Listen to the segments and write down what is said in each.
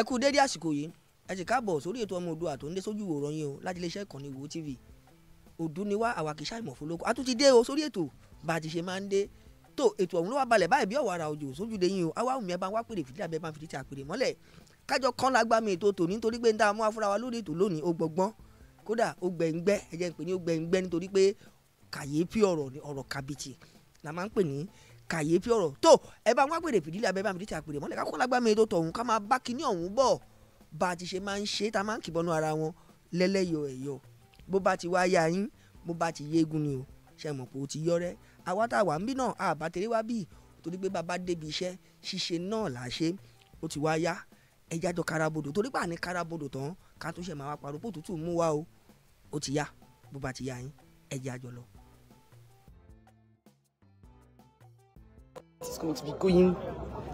ẹ kú dédé àsìkò yìí ẹ sì káàbọ̀ sórí ètò ọmọ Oòduà tó ń dé sójú ìwòran yín o láti iléeṣẹ́ ìkànnì Wo TV òdu ni wá àwa kì í ṣàìmọ̀ fọlọ́kọ a tún ti dé o sórí ètò bá a ti ṣe máa ń dé tó ètò ọ̀hún ló wá balẹ̀ báyìí bí ọ̀wọ́ ara òjò sójú de yín o àwa òmìnira bá wá pèrè fìdí abẹ́ bá fìdí tí a pèrè mọ́lẹ̀ kájọ kán lágbá mi ètò tòní nítorí pé ń dá afúnra wa lórí ètò lónìí ó gbọgbọ́n kódà ó gbẹ̀ngbẹ́ ẹ jẹ́ ń pè ní ó gbẹ̀ngbẹ́ nítorí pé kàyéfì ọ̀rọ̀ ọ̀rọ̀ kàbìtì la máa ń pè ní kàyéfì ọ̀rọ̀ tó ẹ bá wọn àpèrè fìdílé abẹ́ bá mi dìtẹ̀ àpèrè mọ́lẹ̀ kákó lágbàmì ètò tọ̀hún ká máa bá kinní ọ̀hún bọ̀ bá a ti ṣe máa ń ṣe tá a máa ń kìbọnú ara wọn lẹ́lẹ́yọ̀ ẹ̀yọ̀ bó bá ti wá yá yín bó bá ti yégun ni o ṣe mọ̀ pé o ti yọ rẹ́ àwa tá a wà ń bí náà àbá tèrè wá bí torí pé bàbá débi iṣẹ́ ṣíṣe náà là á ṣe ó ti wá yá ẹja jọ karabodò torí pé àní karabodò tán ká tó ṣe máa wá parọ́ pòtútù mú wa o ó ti yá bó bá ti yá yín ẹja jọ lọ. It's going to be going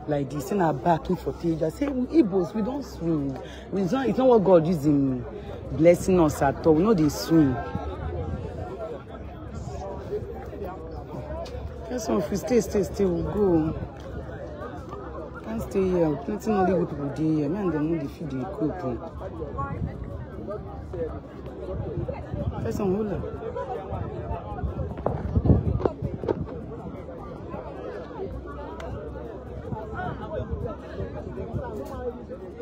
like this and back backing for Teja. Say, we Igbos, we don't swing. It's not, it's not what God is in blessing us at all. We know they swim. Yes, if we stay, stay, stay, we'll go. Can't stay here. Plenty of good people there here. Man, they know they feel they cook. Person, oh. hold up.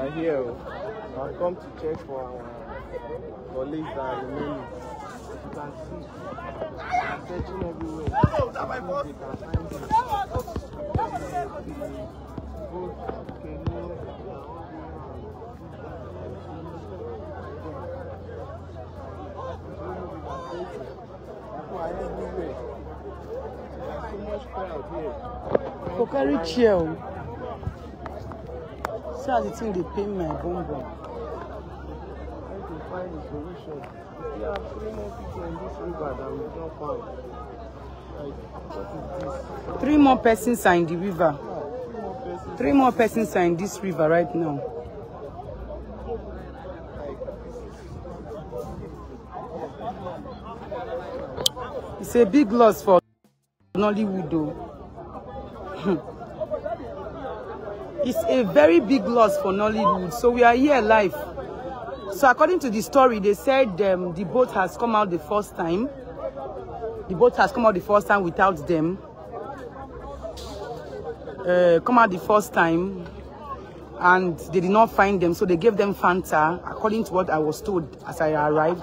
I am here. I've come to check for uh, colleagues that remain. You can see, I'm searching everywhere. Oh, that's my boss. Qualquer chill. Sure, the thing they pay my bum bum. Trying to find the solution. We have three more people in this river that we don't find. Three more persons are in the river. three more persons are in this river right now. It's a big loss for Nollywood though. It's a very big loss for Nollywood. So we are here live. So according to the story, they said um, the boat has come out the first time. The boat has come out the first time without them. Uh, come out the first time and they did not find them so they gave them fanta according to what i was told as i arrived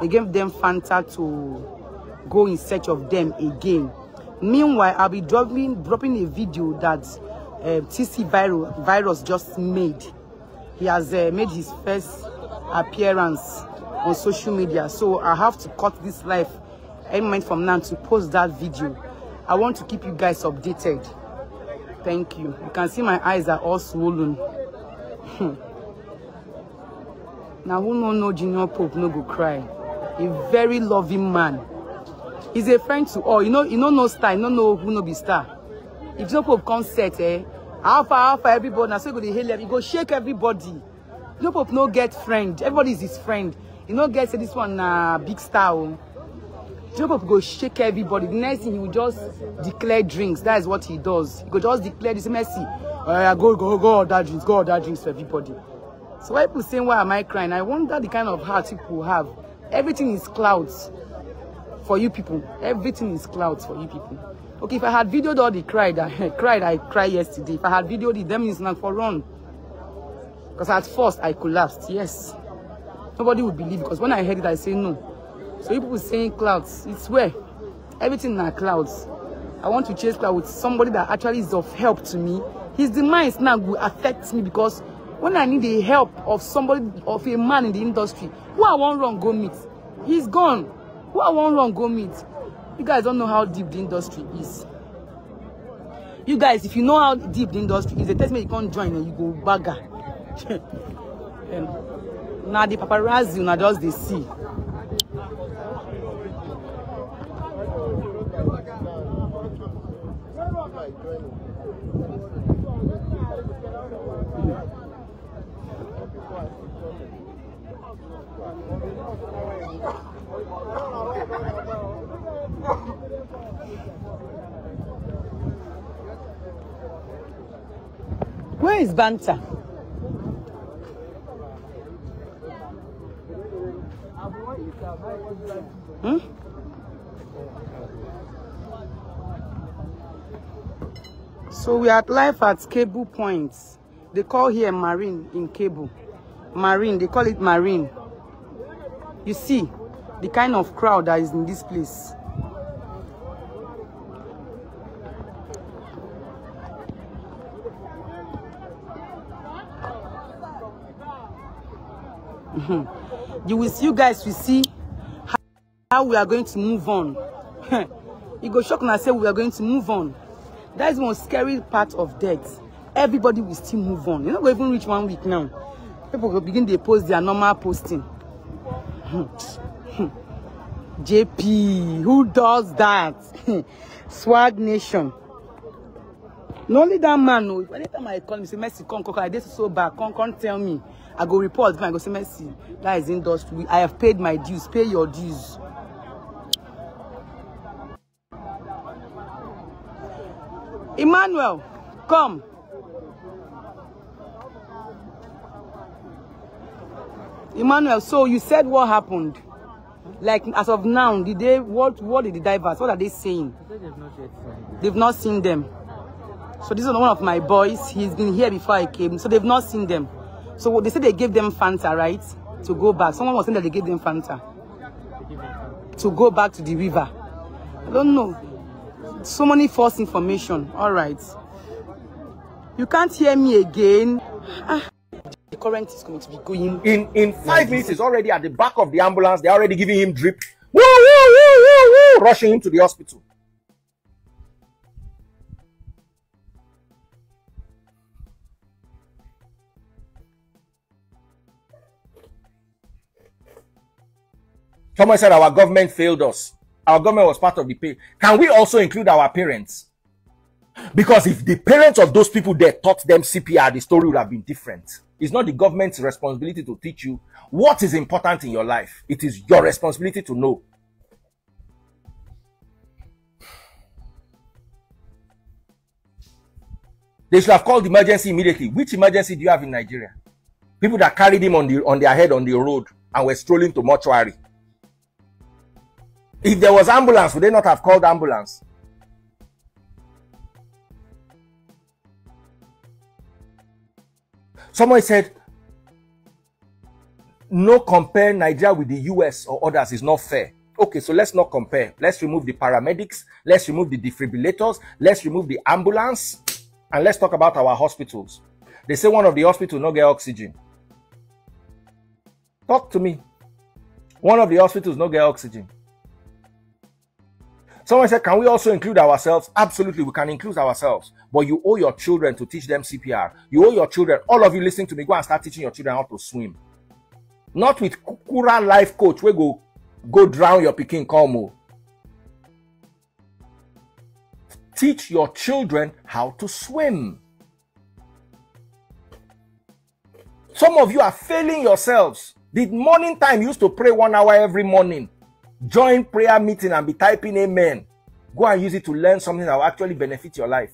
they gave them fanta to go in search of them again meanwhile i'll be dropping dropping a video that uh, um, TC Virus just made. He has uh, made his first appearance on social media. So I have to cut this life any moment from now to post that video. I want to keep you guys updated. Thank you. You can see my eyes are all swollen. now who no know Junior Pope no go cry. A very loving man. He's a friend to all. You know, you know no star, you know no who no be star. If Junior Pope comes set, eh, alpha alpha everybody na so you go dey hail them you go shake everybody no pope no get friend everybody is his friend you know, get say this one na big star oh. o Jacob go shake everybody. The next thing he will just declare drinks. That is what he does. He go just declare this mercy. Uh, go, go, go, that drinks, go that drinks for everybody. So why people saying, why am I crying? I wonder the kind of heart people have. Everything is clouds for you people. Everything is clouds for you people. Okay, if I had videoed all the cry that cried I cried yesterday, if I had videoed the demons means not for run. Because at first I collapsed, yes. Nobody would believe because when I heard it, I say no. So people saying clouds, it's where? Everything are clouds. I want to chase cloud with somebody that actually is of help to me. His demise now will affect me because when I need the help of somebody, of a man in the industry, who I want wrong go meet, he's gone. Who I want wrong go meet, You guys don't know how deep the industry is. You guys, if you know how deep the industry is, they tell me you can't join and you go bagger. um, now the paparazzi, now just they see. Where is Banta? Hmm? So we are at life at Cable Point. They call here Marine in Cable. Marine, they call it Marine. You see the kind of crowd that is in this place. Mm-hmm. you will see, you guys will see how, how we are going to move on. you go shock and say we are going to move on. That is one scary part of death. Everybody will still move on. You're not going even reach one week now. People will begin to post their normal posting. JP, who does that? Swag Nation. Not only that man, no. Oh. Anytime I call him, say, Messi, come, come, come. I did so bad. Come, come, tell me. I go report I go say mercy. That is industry. I have paid my dues. Pay your dues. Emmanuel, come. Emmanuel, so you said what happened? Like as of now, did they what what did the divers? What are they saying? they've not yet They've not seen them. So this is one of my boys. He's been here before I came, so they've not seen them. So they said they gave them Fanta, right? To go back. Someone was saying that they gave them Fanta. To go back to the river. I don't know. So many false information. All right. You can't hear me again. Ah, the current is going to be going. In in five minutes, he's already at the back of the ambulance. They're already giving him drip. Woo, woo, woo, woo, woo, rushing him to the hospital. Thomas said our government failed us. Our government was part of the pay. Can we also include our parents? Because if the parents of those people there taught them CPR, the story would have been different. It's not the government's responsibility to teach you what is important in your life. It is your responsibility to know. They should have called emergency immediately. Which emergency do you have in Nigeria? People that carried him on, the, on their head on the road and were strolling to mortuary. If there was ambulance, would they not have called ambulance? Someone said, no compare Nigeria with the US or others is not fair. Okay, so let's not compare. Let's remove the paramedics. Let's remove the defibrillators. Let's remove the ambulance. And let's talk about our hospitals. They say one of the hospitals no get oxygen. Talk to me. One of the hospitals no get oxygen. Someone said, Can we also include ourselves? Absolutely, we can include ourselves. But you owe your children to teach them CPR. You owe your children, all of you listening to me, go and start teaching your children how to swim. Not with Kura life coach, we go go drown your Peking Como. Oh. Teach your children how to swim. Some of you are failing yourselves. The morning time used to pray one hour every morning. Join prayer meeting and be typing amen. Go and use it to learn something that will actually benefit your life.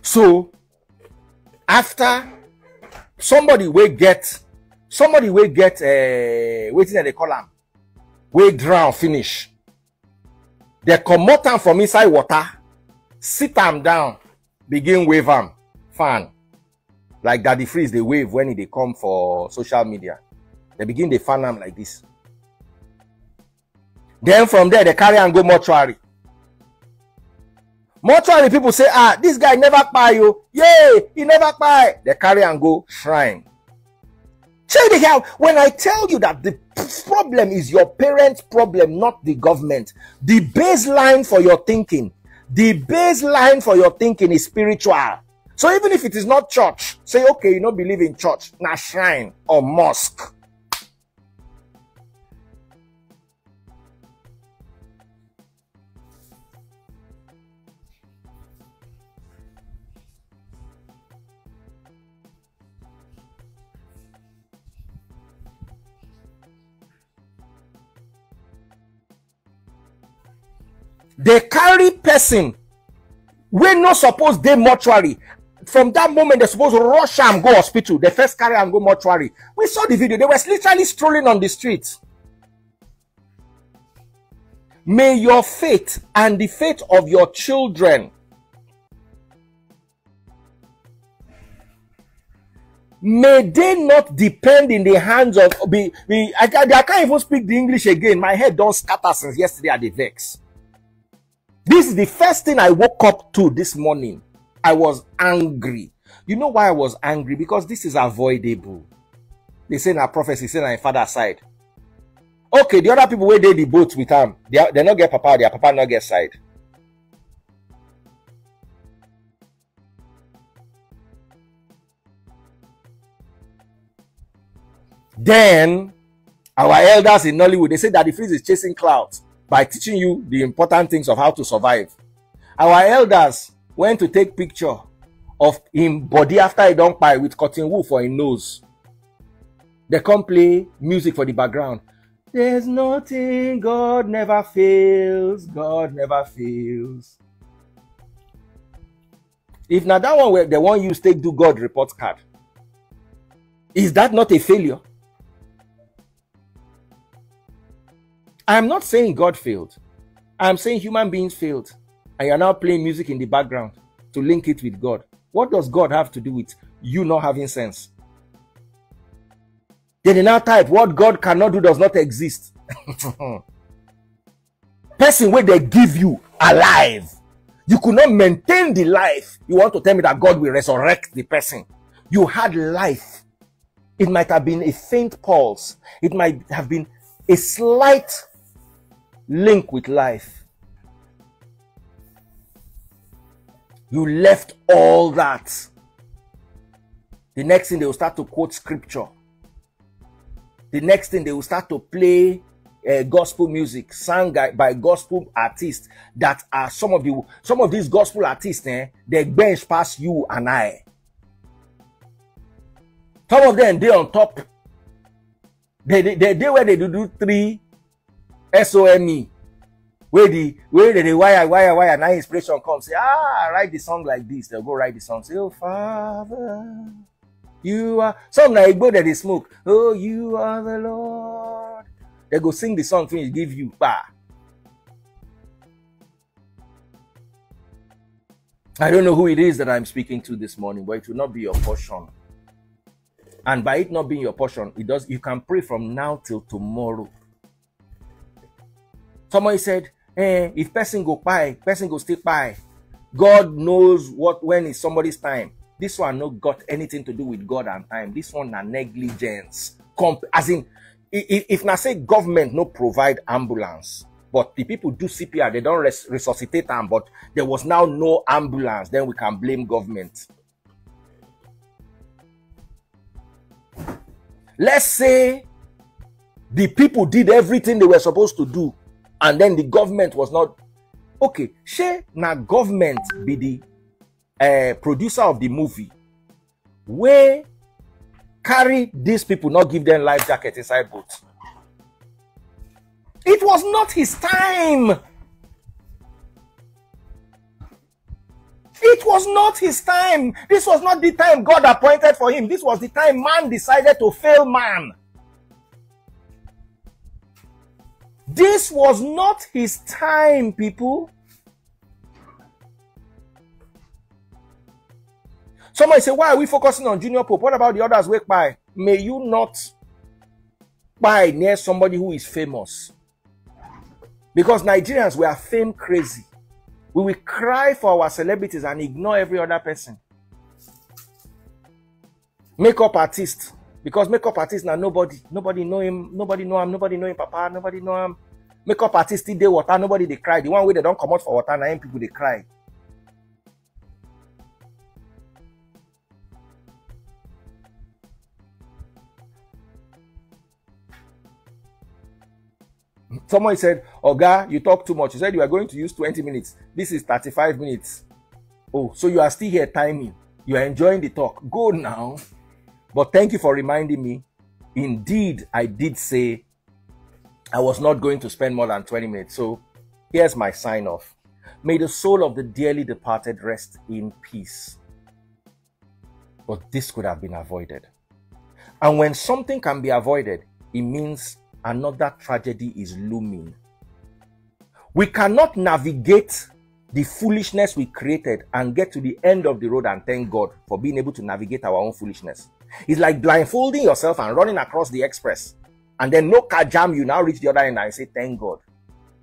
So, after somebody will get somebody will get a uh, eh, waiting at the column, will drown finish. They come out from inside water sit am down begin wave am fan like daddy freeze the wave when they come for social media They begin the fan am like this. Then from there they carry and go mortuary mortuary people say ah this guy never kpai you. Oh. yay he never kpai They carry and go shrine check the hell when i tell you that the problem is your parents problem not the government the baseline for your thinking the baseline for your thinking is spiritual. So even if it is not church, say, okay, you don't believe in church, now shrine or mosque. they carry person wey not supposed. They mortuary from that moment they suppose rush and go hospital they first carry and go mortuary we saw the video they were literally strolling on the street may your faith and the faith of your children may they not depend in the hands of be, be I, I can't even speak the english again my head don't scatter since yesterday i the vex this is the first thing I woke up to this morning. I was angry. You know why I was angry? Because this is avoidable. They say in our prophecy, say in our father side. Okay, the other people where they the boat with them, um, they, are, they not get papa, their papa not get side. Then our elders in Nollywood, they say that the freeze is chasing clouds by teaching you the important things of how to survive. Our elders went to take picture of him body after he don't pie with cotton wool for his nose. They come play music for the background. There's nothing God never fails. God never fails. If now that one where they want you take do God report card, is that not a failure? I'm not saying God failed. I'm saying human beings failed. And you're now playing music in the background to link it with God. What does God have to do with you not having sense? Then they type, what God cannot do does not exist. Person where they give you alive. You could not maintain the life. You want to tell me that God will resurrect the person. You had life. It might have been a faint pulse. It might have been a slight link with life. You left all that. The next thing they will start to quote scripture. The next thing they will start to play uh, gospel music sung by gospel artists that are some of the some of these gospel artists eh, they bench past you and I. Some of them they on top. They they, they, they where they do, do three some where the where the dey wire wire wire now inspiration come say ah write the song like this They'll go write the song say oh father you are some like igbo that they smoke oh you are the lord they go sing the song finish give you pa i don't know who it is that i'm speaking to this morning but it will not be your portion and by it not being your portion it does you can pray from now till tomorrow Somebody said, eh, if person go by, person go still by. God knows what when is somebody's time. This one not got anything to do with God and time. This one na negligence. Comp- as in, if, if na say government no provide ambulance, but the people do CPR, they don't res- resuscitate them, but there was now no ambulance, then we can blame government. Let's say the people did everything they were supposed to do and then the government was not okay she now government be the uh, producer of the movie where carry these people not give them life jacket inside boat it was not his time It was not his time. This was not the time God appointed for him. This was the time man decided to fail man. This was not his time, people. Somebody say, why are we focusing on Junior Pope? What about the others? Wake by. May you not buy near somebody who is famous. Because Nigerians, we are fame crazy. We will cry for our celebrities and ignore every other person. Makeup artist because makeup artist now nobody nobody know him nobody know him nobody know him papa nobody know him makeup artist still dey water nobody they cry the one way they don't come out for water nine people they cry. Someone said, Oga, you talk too much. You said you are going to use 20 minutes. This is 35 minutes. Oh, so you are still here timing. You are enjoying the talk. Go now. But thank you for reminding me. Indeed, I did say I was not going to spend more than 20 minutes. So here's my sign off. May the soul of the dearly departed rest in peace. But this could have been avoided. And when something can be avoided, it means another tragedy is looming. We cannot navigate the foolishness we created and get to the end of the road and thank God for being able to navigate our own foolishness. It's like blindfolding yourself and running across the express. And then no car jam, you now reach the other end and say, Thank God.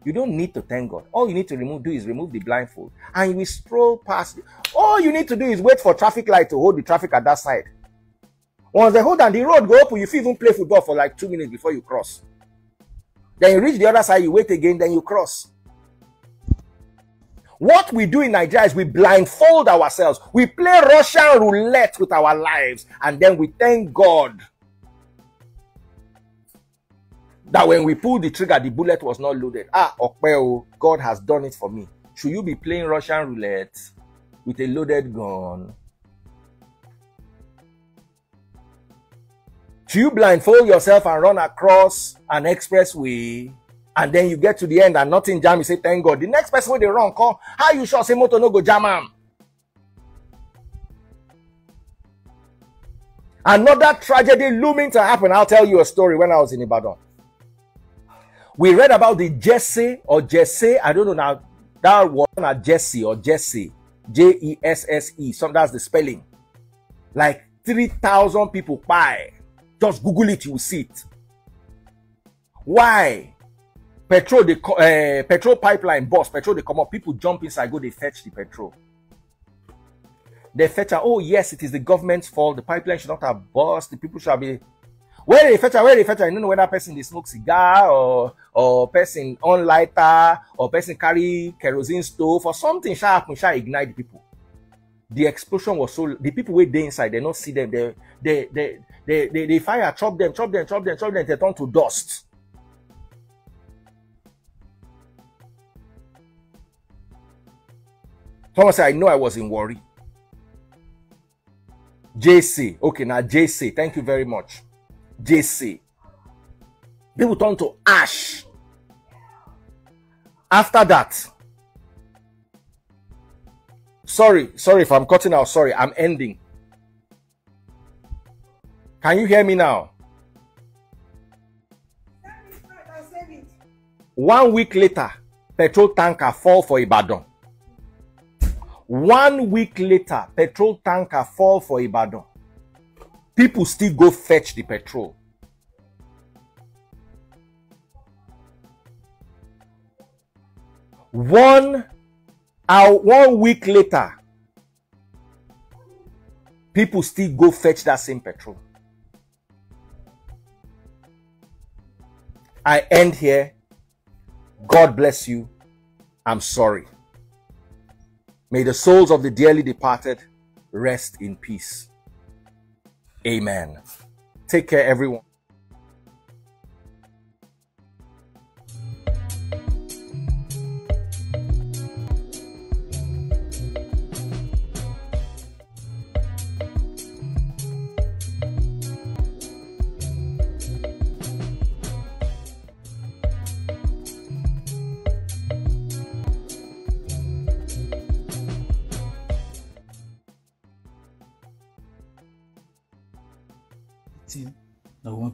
You don't need to thank God. All you need to remove, do is remove the blindfold. And you will stroll past. all you need to do is wait for traffic light to hold the traffic at that side. Once they hold and the road go open, you even play football for like two minutes before you cross. Then you reach the other side, you wait again, then you cross. What we do in Nigeria is we blindfold ourselves. We play Russian roulette with our lives. And then we thank God that when we pulled the trigger, the bullet was not loaded. Ah, Okpeo, God has done it for me. Should you be playing Russian roulette with a loaded gun? Should you blindfold yourself and run across an expressway and then you get to the end and nothing jam, you say, thank God. The next person with the wrong call, how you sure say moto no go jam am? Another tragedy looming to happen. I'll tell you a story when I was in Ibadan. We read about the Jesse or Jesse, I don't know now, that was not Jesse or Jesse, J-E-S-S-E, some that's the spelling. Like 3,000 people buy. Just Google it, you will see it. Why? petrol the uh, eh, petrol pipeline burst petrol come up. people jump inside go They fetch the petrol They fetch am oh yes it is the government's fault the pipeline should not have burst the people should have been where dey fetch am where dey fetch you know whether person dey smoke cigar or or person on lighter or person carry kerosene stove or something shall happen Shall ignite the people the explosion was so the people wait there inside do not see them. They they they they they fire chop them, chop them, chop them, chop them. They turn to dust. Thomas said, I know I was in worry. JC. Okay, now JC. Thank you very much. JC. People turn to ash. After that, sorry, sorry if I'm cutting out. Sorry, I'm ending. Can you hear me now? One week later, petrol tanker fall for Ibadan. One week later, petrol tanker fall for Ibadan. People still go fetch the petrol. One hour, uh, one week later, people still go fetch that same petrol. I end here. God bless you. I'm sorry. May the souls of the dearly departed rest in peace. Amen. Take care, everyone.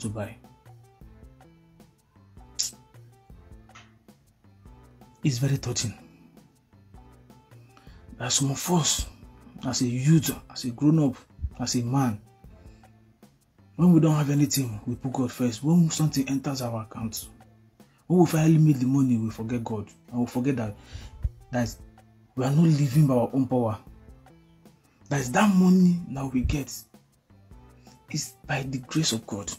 tó báyìí. It's very touching. There are some of us, as a youth, as a grown-up, as a man, when we don't have anything, we put God first. When something enters our account, when we finally make the money, we forget God and we forget that that we are not living by our own power. That is that money that we get is by the grace of God.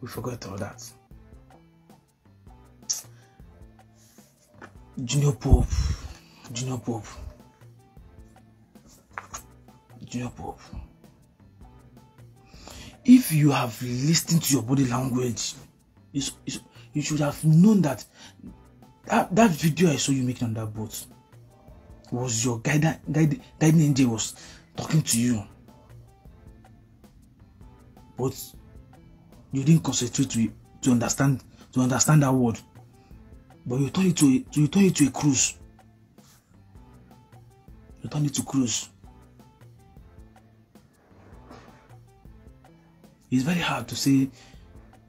We forgot all that. Junior Pope. Junior Pope. Junior Pope. If you have listened to your body language, you, you, you should have known that, that that video I saw you making on that boat was your guide, guide, guiding angel was talking to you. but you didn't concentrate to, to understand to understand that word. But you turn it to, you turn it to a cruise. You turn it to cruise. It's very hard to say.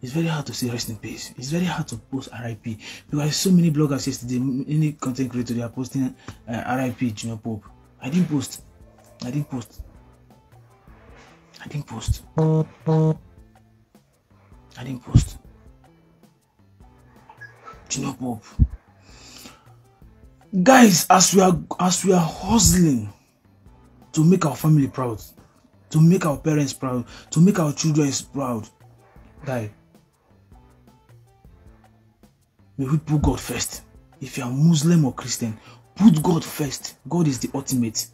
It's very hard to say rest in peace. It's very hard to post RIP because so many bloggers yesterday, any content creator, they are posting uh, RIP Junior Pope. I didn't post. I didn't post. I didn't post. I didn't post. know, Bob. Guys, as we are as we are hustling to make our family proud, to make our parents proud, to make our children proud, guy. May we put God first. If you are Muslim or Christian, put God first. God is the ultimate.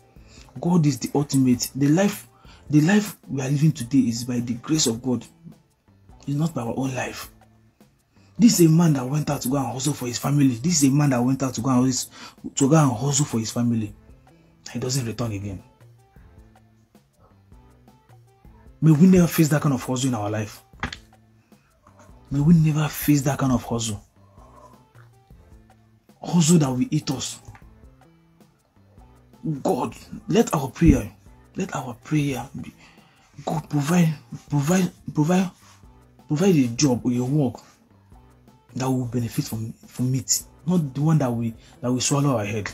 God is the ultimate. The life the life we are living today is by the grace of God, it's not by our own life. This is a man that went out to go and hustle for his family. This is a man that went out to go and hustle, to go and hustle for his family. He doesn't return again. May we never face that kind of hustle in our life. May we never face that kind of hustle. Hustle that will eat us. God, let our prayer let our prayer be God provide provide provide provide a job or a work that will benefit from from it, not the one that we that we swallow our head.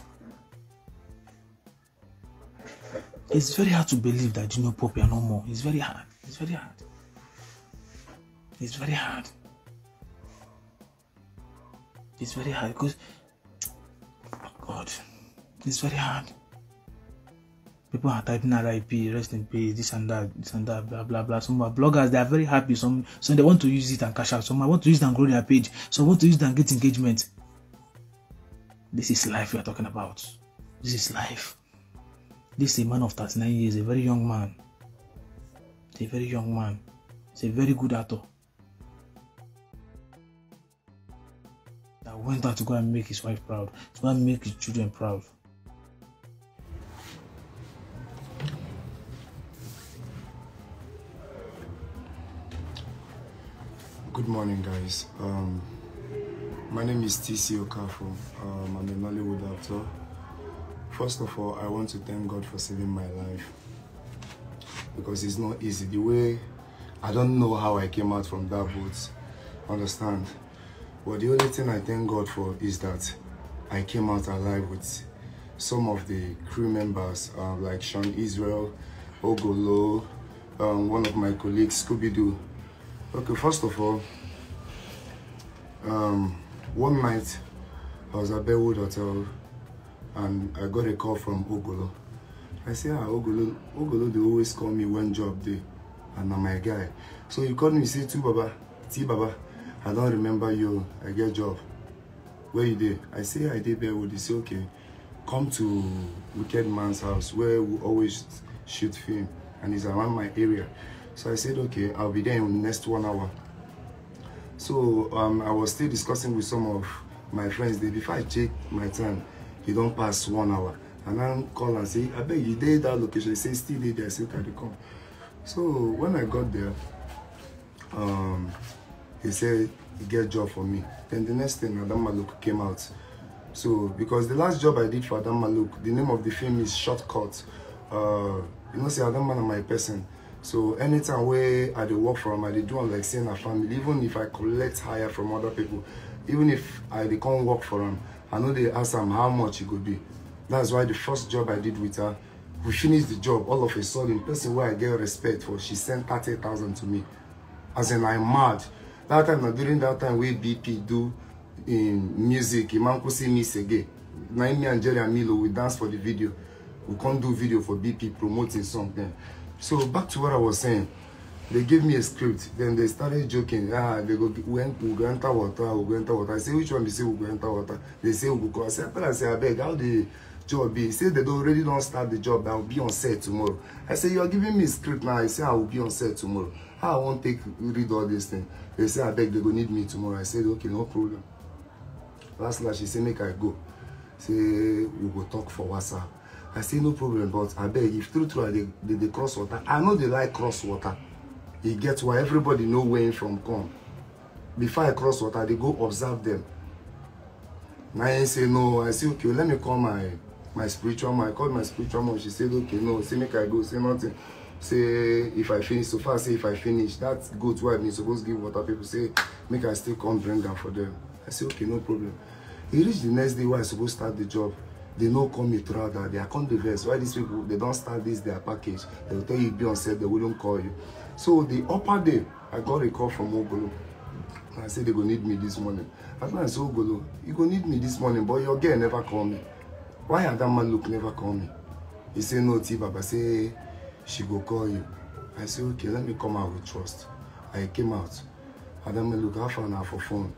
It's very hard to believe that you Pope are no more. It's very hard. It's very hard. It's very hard. It's very hard because oh God, it's very hard people are typing RIP, rest in peace, this and that, this and that, blah blah blah. Some are bloggers, they are very happy. Some so they want to use it and cash out. Some I want to use it and grow their page. Some want to use it and get engagement. This is life we are talking about. This is life. This is a man of 39 years, a very young man. It's a very young man. It's a very good actor. That went out to go and make his wife proud, to go and make his children proud. Good morning, guys. Um, my name is TC Okafo. Um, I'm a Nollywood actor. First of all, I want to thank God for saving my life because it's not easy. The way I don't know how I came out from that boat, understand? But the only thing I thank God for is that I came out alive with some of the crew members uh, like Sean Israel, Ogolo, um, one of my colleagues, Scooby-Doo. Okay, first of all, Um, one night, I was at Bearwood Hotel and I got a call from Ogolo. I say, ah, Ogolo, Ogolo, they always call me when job day and I'm my guy. So he called me, he say, T Baba, T Baba, I don't remember you, I get job. Where you there? I say, I did Bearwood. He say, okay, come to Wicked Man's house where we always shoot film and he's around my area. So I said, okay, I'll be there in the next one hour so um, i was still discussing with some of my friends dey before i check my time he don't pass one hour and i call and say "I beg you dey that location he say still dey there i say i dey come so when i got there um, he said he get job for me then the next thing adam maluk came out so because the last job i did for adam maluk the name of the film is shortcut uh, you know say adam man and my person so anytime where i dey work from i dey do am like say na family even if i collect hire from other people even if i dey come work for am i know they ask am how much it e could be that's why the first job i did with her we finish the job all of a sudden person where i get respect for she sent thirty thousand to me as in I'm mad that time now during that time we bp do in music imankusi miss again na me and jerry amilo we dance for the video we can't do video for bp promoting something. So back to what I was saying. They gave me a script. Then they started joking. Ah, they go, we go enter water, we go enter water. I say, which one? They say, we go enter water. They say, we go. I say, I say, I beg, how the job be? He say, they don't already don't start the job. I'll be on set tomorrow. I say, you're giving me a script now. I say, I will be on set tomorrow. How I won't take, read all this thing. They say, I beg, they go need me tomorrow. I said, okay, no problem. Last last, she say, make I go. Say, we go talk for WhatsApp i say no problem but I beg. if true true they they dey cross water i know they like cross water e gets why everybody know where from come before i cross water they go observe them. Now im say no i say okay let me call my my spiritual mom i call my spiritual mom she say okay no say make i go say nothing say if i finish so far say if i finish that's good. Why me supposed suppose give water people say make i still come bring am for them i say okay no problem e reach the next day where i suppose start the job they no come me throughout that They i come dey vex why these people they don't start this their package they will tell you be on set they wouldn't call you so the upper day i got a call from ogolo i say they go need me this morning at night i say ogolo you go need me this morning but your girl never call me why that man look never call me he say no but I say she go call you i say okay let me come out with trust i came out adama look how far na for phone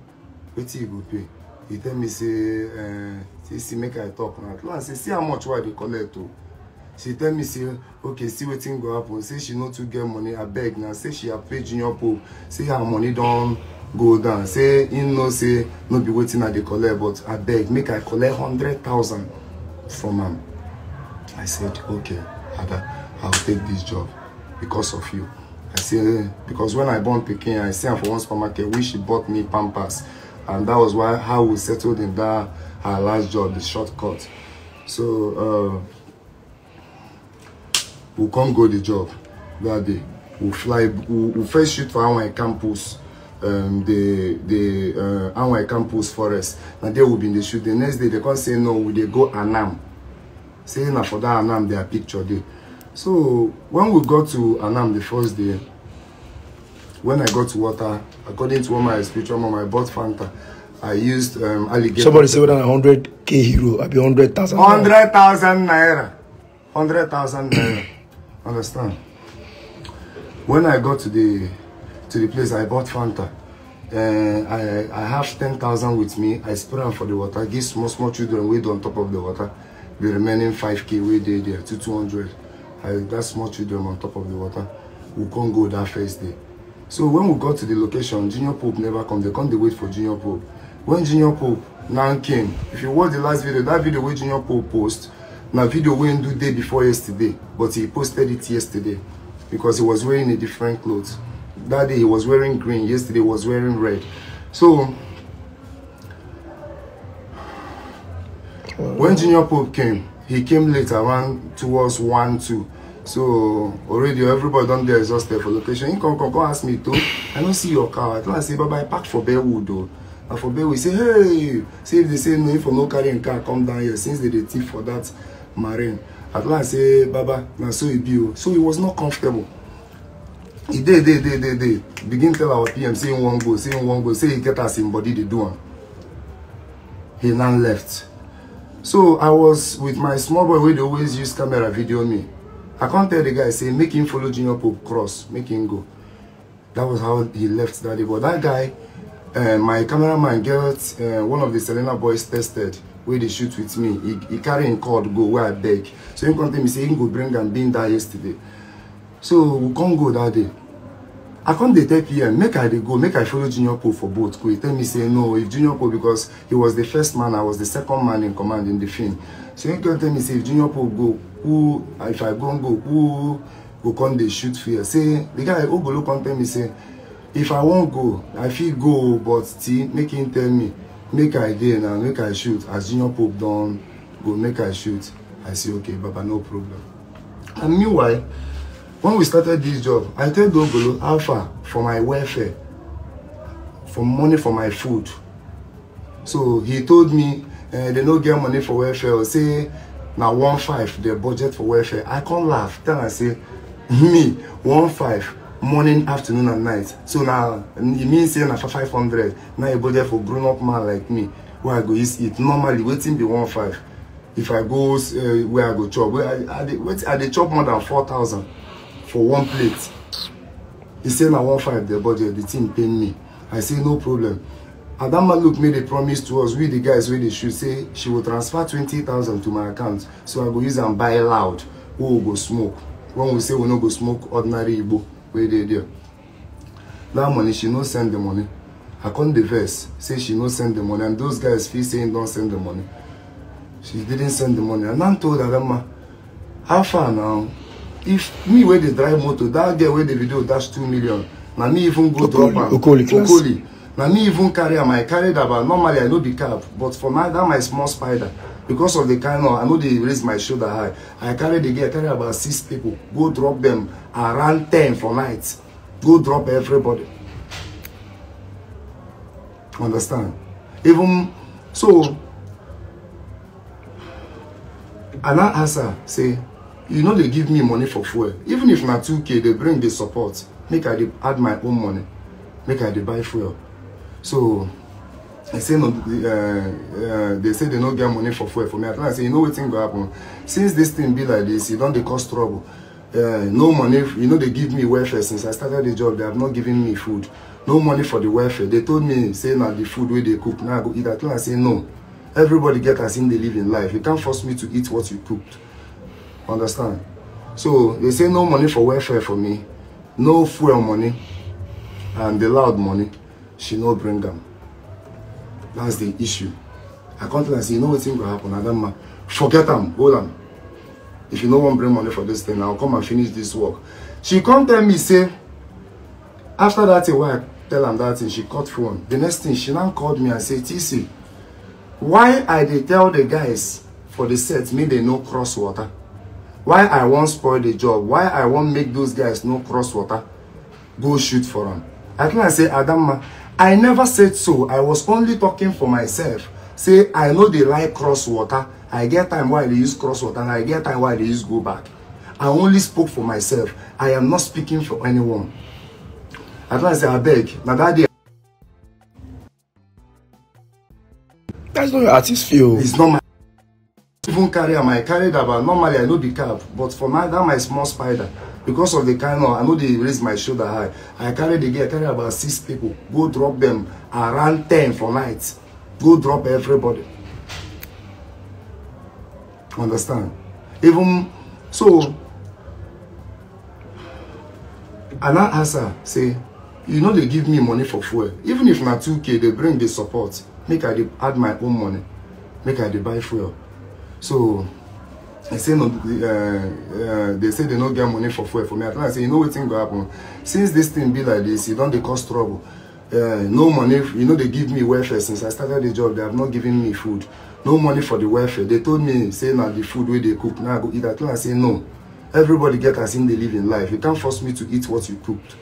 wetin you go pay he tell me say. Uh, say see make i talk now plan say see how much why they dey collect to. she tell me say okay see what thing go happen say she not to get money I beg now. say she have paid junior pope say her money don go down say him know say no be waiting at the collect but I beg make i collect hundred thousand from am i said okay ada I'll take this job because of you i say eh, because when i born pikin i see am for one supermarket wey she bought me pampers and that was why how we settled in that our last job, the shortcut. So uh, we'll come go the job that day. We fly, We we'll first shoot for our campus, um, the the uh, our campus forest. And they will be in the shoot. The next day, they can't say no, we they go Anam. Saying that for that Anam, their picture day. So when we got to Anam the first day, when I got to water, according to what my spiritual mom, I bought Fanta. I used um, alligator. Somebody said a hundred k hero. I be hundred thousand. Hundred thousand naira. 100,000 naira. Understand? When I got to the to the place, I bought Fanta. Uh, I, I have ten thousand with me. I spray am for the water. Give small, small children wait on top of the water. The remaining five k way there, there to hundred. I got small children on top of the water. We can't go that first day. So when we got to the location, Junior Pope never come. They come, they wait for Junior Pope when junior pope now came if you watch the last video that video wey junior pope post na video wey him do day before yesterday but he posted it yesterday because he was wearing a different clothes. that day he was wearing green yesterday he was wearing red so when junior pope came he came late around towards one two so already everybody don dey exhausted for location he come come come ask me too. i don't see your car at last say baba i park for bearwood though and for bed we say hey see if they say no if for no carrying him car come down here since they the thief for that marine at last say baba na so e be so he was not comfortable He dey dey dey dey dey begin tell our pm say him wan go say him wan go say he get us him body dey do him. he now left so i was with my small boy wey dey always use camera video me i can't tell the guy say make him follow junior pope cross make him go that was how he left that day but that guy uh, my cameraman get uh, one of the selena boys tested where they shoot with me he, he carry him cord go where i beg so he come tell me say he go bring am bin there yesterday so we can't go that day i come dey tell pm make i dey go make i follow junior pope for boat he tell me say no if junior pope because he was the first man i was the second man in command in the film so he come tell me say if junior pope go who if i go and go who who come they shoot fear say the guy ogolo come tell me say if i wan go i fit go but still make him tell me make i dey now make i shoot as junior pope don go make i shoot i say okay baba no problem and meanwhile when we started this job i tell dogolo far for my welfare for money for my food so he told me uh, they no get money for welfare or say na one five the budget for welfare i come laugh tell am say me one five morning afternoon and night so now e mean saying after five hundred na e budget for grown up man like me Where i go use eat normally waiting be one five if i go uh, where i go chop where i, I dey wait i dey chop more than four thousand for one plate he say na one five the budget the team paying me i say no problem adama look made a promise to us we the guys where they should say she will transfer twenty thousand to my account so i go use and buy loud wey we go smoke when we say we no go smoke ordinary igbo wey dey there that money she no send the money i come dey vex say she no send the money and those guys feel say him don send the money she didn't send the money and i'm told adamma how far now if me wey dey drive motor that girl wey dey video dash two million na me even go drop am okoli okoli na me even carry am i carry but normally i no be cab but for my that my small spider because of the kind of i know they raise my shoulder high i carry the gear. carry about six people go drop them around ten for night go drop everybody understand even so i now ask her say you know they give me money for fuel even if na 2k they bring the support make i dey add my own money make i dey buy fuel so They say no, uh, uh, they say they don't get money for fuel for me. At I say, you know what thing will happen? Since this thing be like this, you e don't they cause trouble. Uh, no money, you know they give me welfare since I started the job. They have not given me food. No money for the welfare. They told me, say now the food where they cook. Now I go eat. At I say no. Everybody get as in they live in life. You can't force me to eat what you cooked. Understand? So they say no money for welfare for me, no fuel money, and the loud money. She no bring them. That's the issue. I come to them and say, you know what's going to happen? Adama, forget them, hold them. If you no wan bring money for this thing, I'll come and finish this work. She come tell me, say, after that thing, why tell am that thing, she cut phone. The next thing, she now called me and say, TC, why I dey tell the guys for the set, Me, they no cross water? Why I won't spoil the job? Why I won't make those guys no cross water? Go shoot for them. I think I say, Adama, I never said so. I was only talking for myself. Say, I know they like cross water. I get time while they use cross water and I get time while they use go back. I only spoke for myself. I am not speaking for anyone. At last, I beg. my daddy. That's not your artist feel. It's not my even carry am. I carry that, normally I know the cab. But for my that my small spider because of the kind of i know they raise my shoulder high i carry the gear. carry about six people go drop them around ten for night go drop everybody understand even so i now ask say you know, they give me money for fuel even if na 2k they bring the support make i dey add my own money make i dey buy fuel so They say no, uh, uh, they say they don't get money for fuel for me. I say, you know what thing gonna happen? Since this thing be like this, you e don't they cause trouble. Uh, no money, you know they give me welfare since I started the job. They have not given me food, no money for the welfare. They told me say now the food where they cook now I go eat. I tell I say no. Everybody get as in they live in life. You can't force me to eat what you cooked.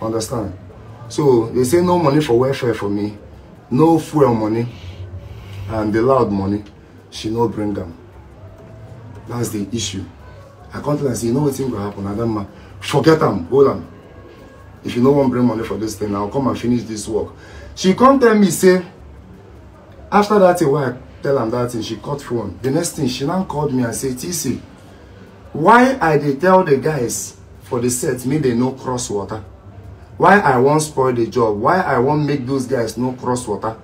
Understand? So they say no money for welfare for me, no fuel money, and the loud money. She no bring them. That's the issue. I come to them and say, you know what's going to happen? I Forget them. Hold on. If you no one bring money for this thing, I'll come and finish this work. She come tell me, say, after that thing, why I tell am that thing, she cut phone. The next thing, she now called me and say, TC, why I dey tell the guys for the set, me they no cross water? Why I won't spoil the job? Why I won't make those guys no cross water?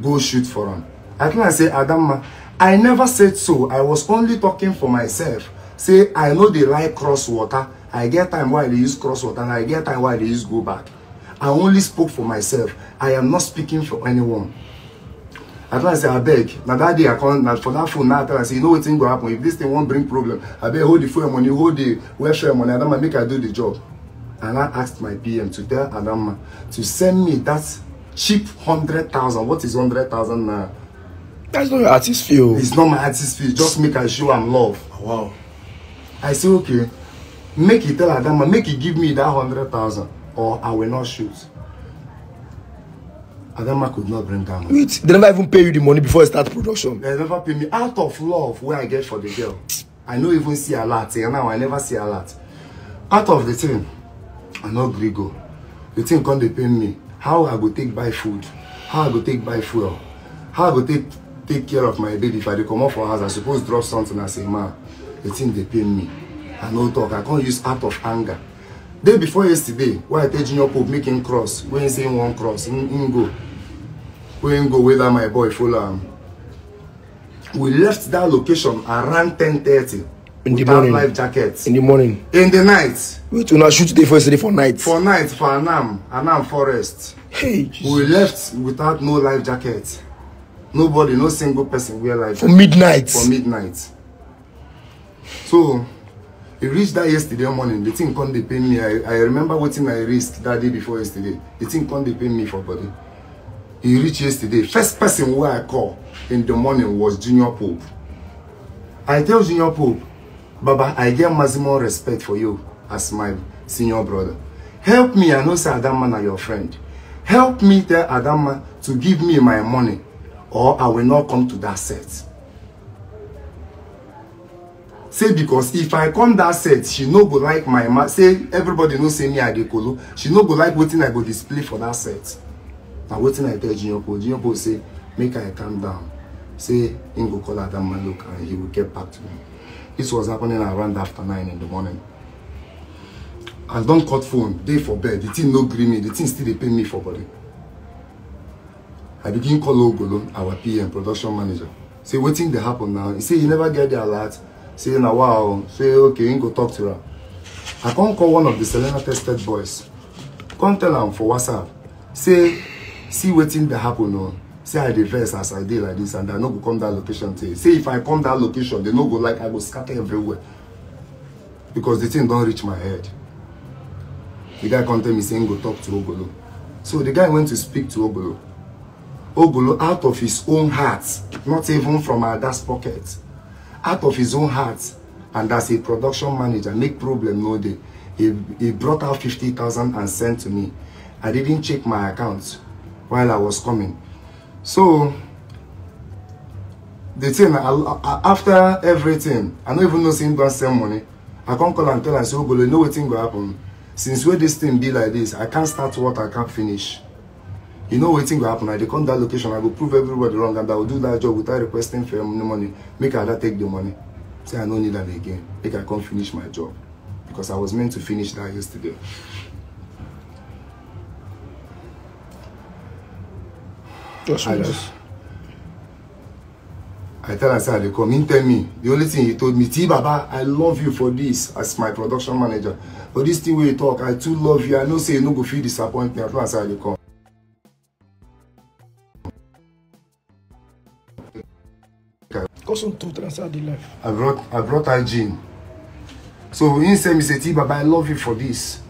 Go shoot for them. I think I say, Adama, I never said so. I was only talking for myself. Say, I know they like cross water. I get time while they use cross water and I get time while they use go back. I only spoke for myself. I am not speaking for anyone. At last, I beg. Now that day, I come now for that phone. Now I say, you know what thing will happen. If this thing won't bring problem, I beg hold the phone money, hold the welfare money. Adama, make I do the job. And I asked my PM to tell Adama to send me that cheap hundred thousand. What is hundred thousand now? that's not your artist feel. it's not my artist feel just make i show am love. Ah, wow. i say okay make it tell adama make it give me that hundred thousand or i will not shoot. Adama could not bring that money. Wait, they never even pay you the money before I start production. They never pay me out of love where I get for the girl. I no even see a lot. And eh, now I never see a lot. Out of the thing, I know Grigo. The thing can't they pay me. How I go take buy food? How I go take buy fuel? How I go take take care of my baby if i dey comot for house i suppose drop something as a man the thing they pay me i no talk i can't use out of anger day before yesterday why i tell junior pope make him cross wey him say one cross him him go We him go wey my boy follow am we left that location around ten thirty in the morning life jackets. in the morning in the night wait una shoot day for yesterday for night for night for anam anam forest hey Jesus. we left without no life jackets nobody no single person wear life for midnight for midnight so e reach that yesterday morning the thing come dey pain me i i remember wetin i risk that day before yesterday the thing come dey pain me for body e reach yesterday first person wey i call in the morning was junior pope i tell junior pope baba i get maximum respect for you as my senior brother help me i know say adama na your friend help me tell adama to give me my money or I will not come to that set. Say because if I come that set, she no go like my ma say everybody know say me I dey kolo. She no go like wetin I go display for that set. Now wetin I tell Junior Pope. Junior Pope say make I calm down. Say him go call man look and he will get back to me. This was happening around after nine in the morning. I don cut phone, day for bed. The thing no gree me. The thing still dey pain me for body i begin call ogolo our pm production manager say what thing dey happen now he say he never get the alert say na wow say okay him go talk to her i can't call one of the selena tested boys come tell him for whatsapp say see what thing dey happen now? say i dey as i dey like this and i no go come that location tey say if i come that location they no go like i go scatter everywhere because the thing don't reach my head the guy come tell me say go talk to ogolo so the guy went to speak to ogolo Ogolo out of his own heart, not even from Ada's pocket, out of his own heart, and as a production manager, make problem no day. He, he brought out 50,000 and sent to me. I didn't check my account while I was coming. So, the thing, I, I, after everything, I don't even know since don't send money. I can't call and tell and say, Ogolo, you know what thing will happen. Since where this thing be like this, I can't start what I can't finish you know wetin go happen i dey come that location i go prove everybody wrong and i go do that job without requesting fair money make ada take the money say i no need am again make i come finish my job because i was meant to finish that yesterday Yes, I, just, I tell her say i dey come He tell me the only thing he told me Ti baba i love you for this as my production manager For this thing wey you talk i too love you i know say you no go fit disappoint me i tell her say i dey come cousin to transfer the life. I brought I brought her gin. So he said me say T Baba I love you for this.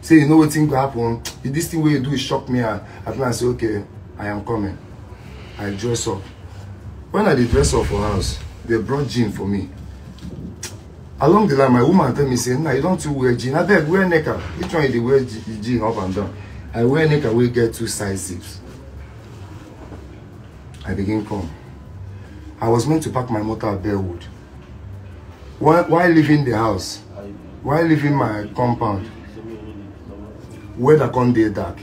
Say you know what thing go happen. this thing wey you do is shock me and at last say okay I am coming. I dress up. When I did dress up for house, they brought gin for me. Along the line, my woman tell me, say, nah, you don't wear jean. I beg, wear neck up. Each one they wear jean up and down. I wear neck, We get two size zips. I begin come. I was meant to park my motor at Bearwood. While, while leaving the house, while leaving my compound, weather come day dark.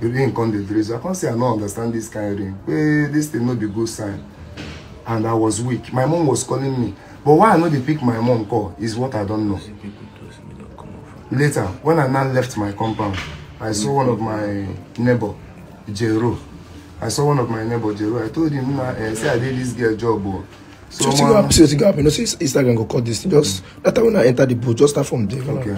The rain come dey drizzle. I can't say I no understand this kind of rain. Hey, this thing not be good sign. And I was weak. My mom was calling me. But why I no dey pick my mom call is what I don't know. Later, when I now left my compound, I saw one of my neighbor, Jero. I saw one of my neighbor, Jero. I told him, nah, eh, say I did this girl job. Oh. So, so man, go up, so go up, you see Instagram go cut this. Just that time when I enter the boat, just start from there. Okay.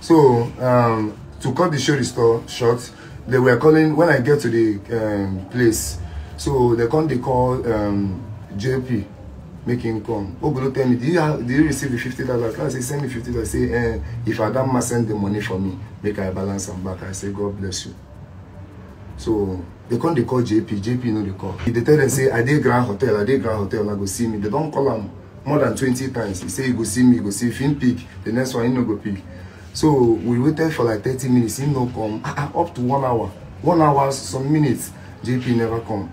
So um, to cut the show store short, they were calling when I get to the um, place. So they come, they call um, JP, making him come. Ogolo tell me, do you have, do you receive the fifty dollars? I say send me fifty dollars. Say eh, if must send the money for me, make I balance am back. I say God bless you. So they come dey call jp jp no dey call e dey tell them say i dey grand hotel i dey grand hotel I go see me they don't call him more than twenty times he say you go see me you go see him pick the next one he no go pick so we waited for like thirty minutes he no come ah ah up to one hour one hour some minutes jp never come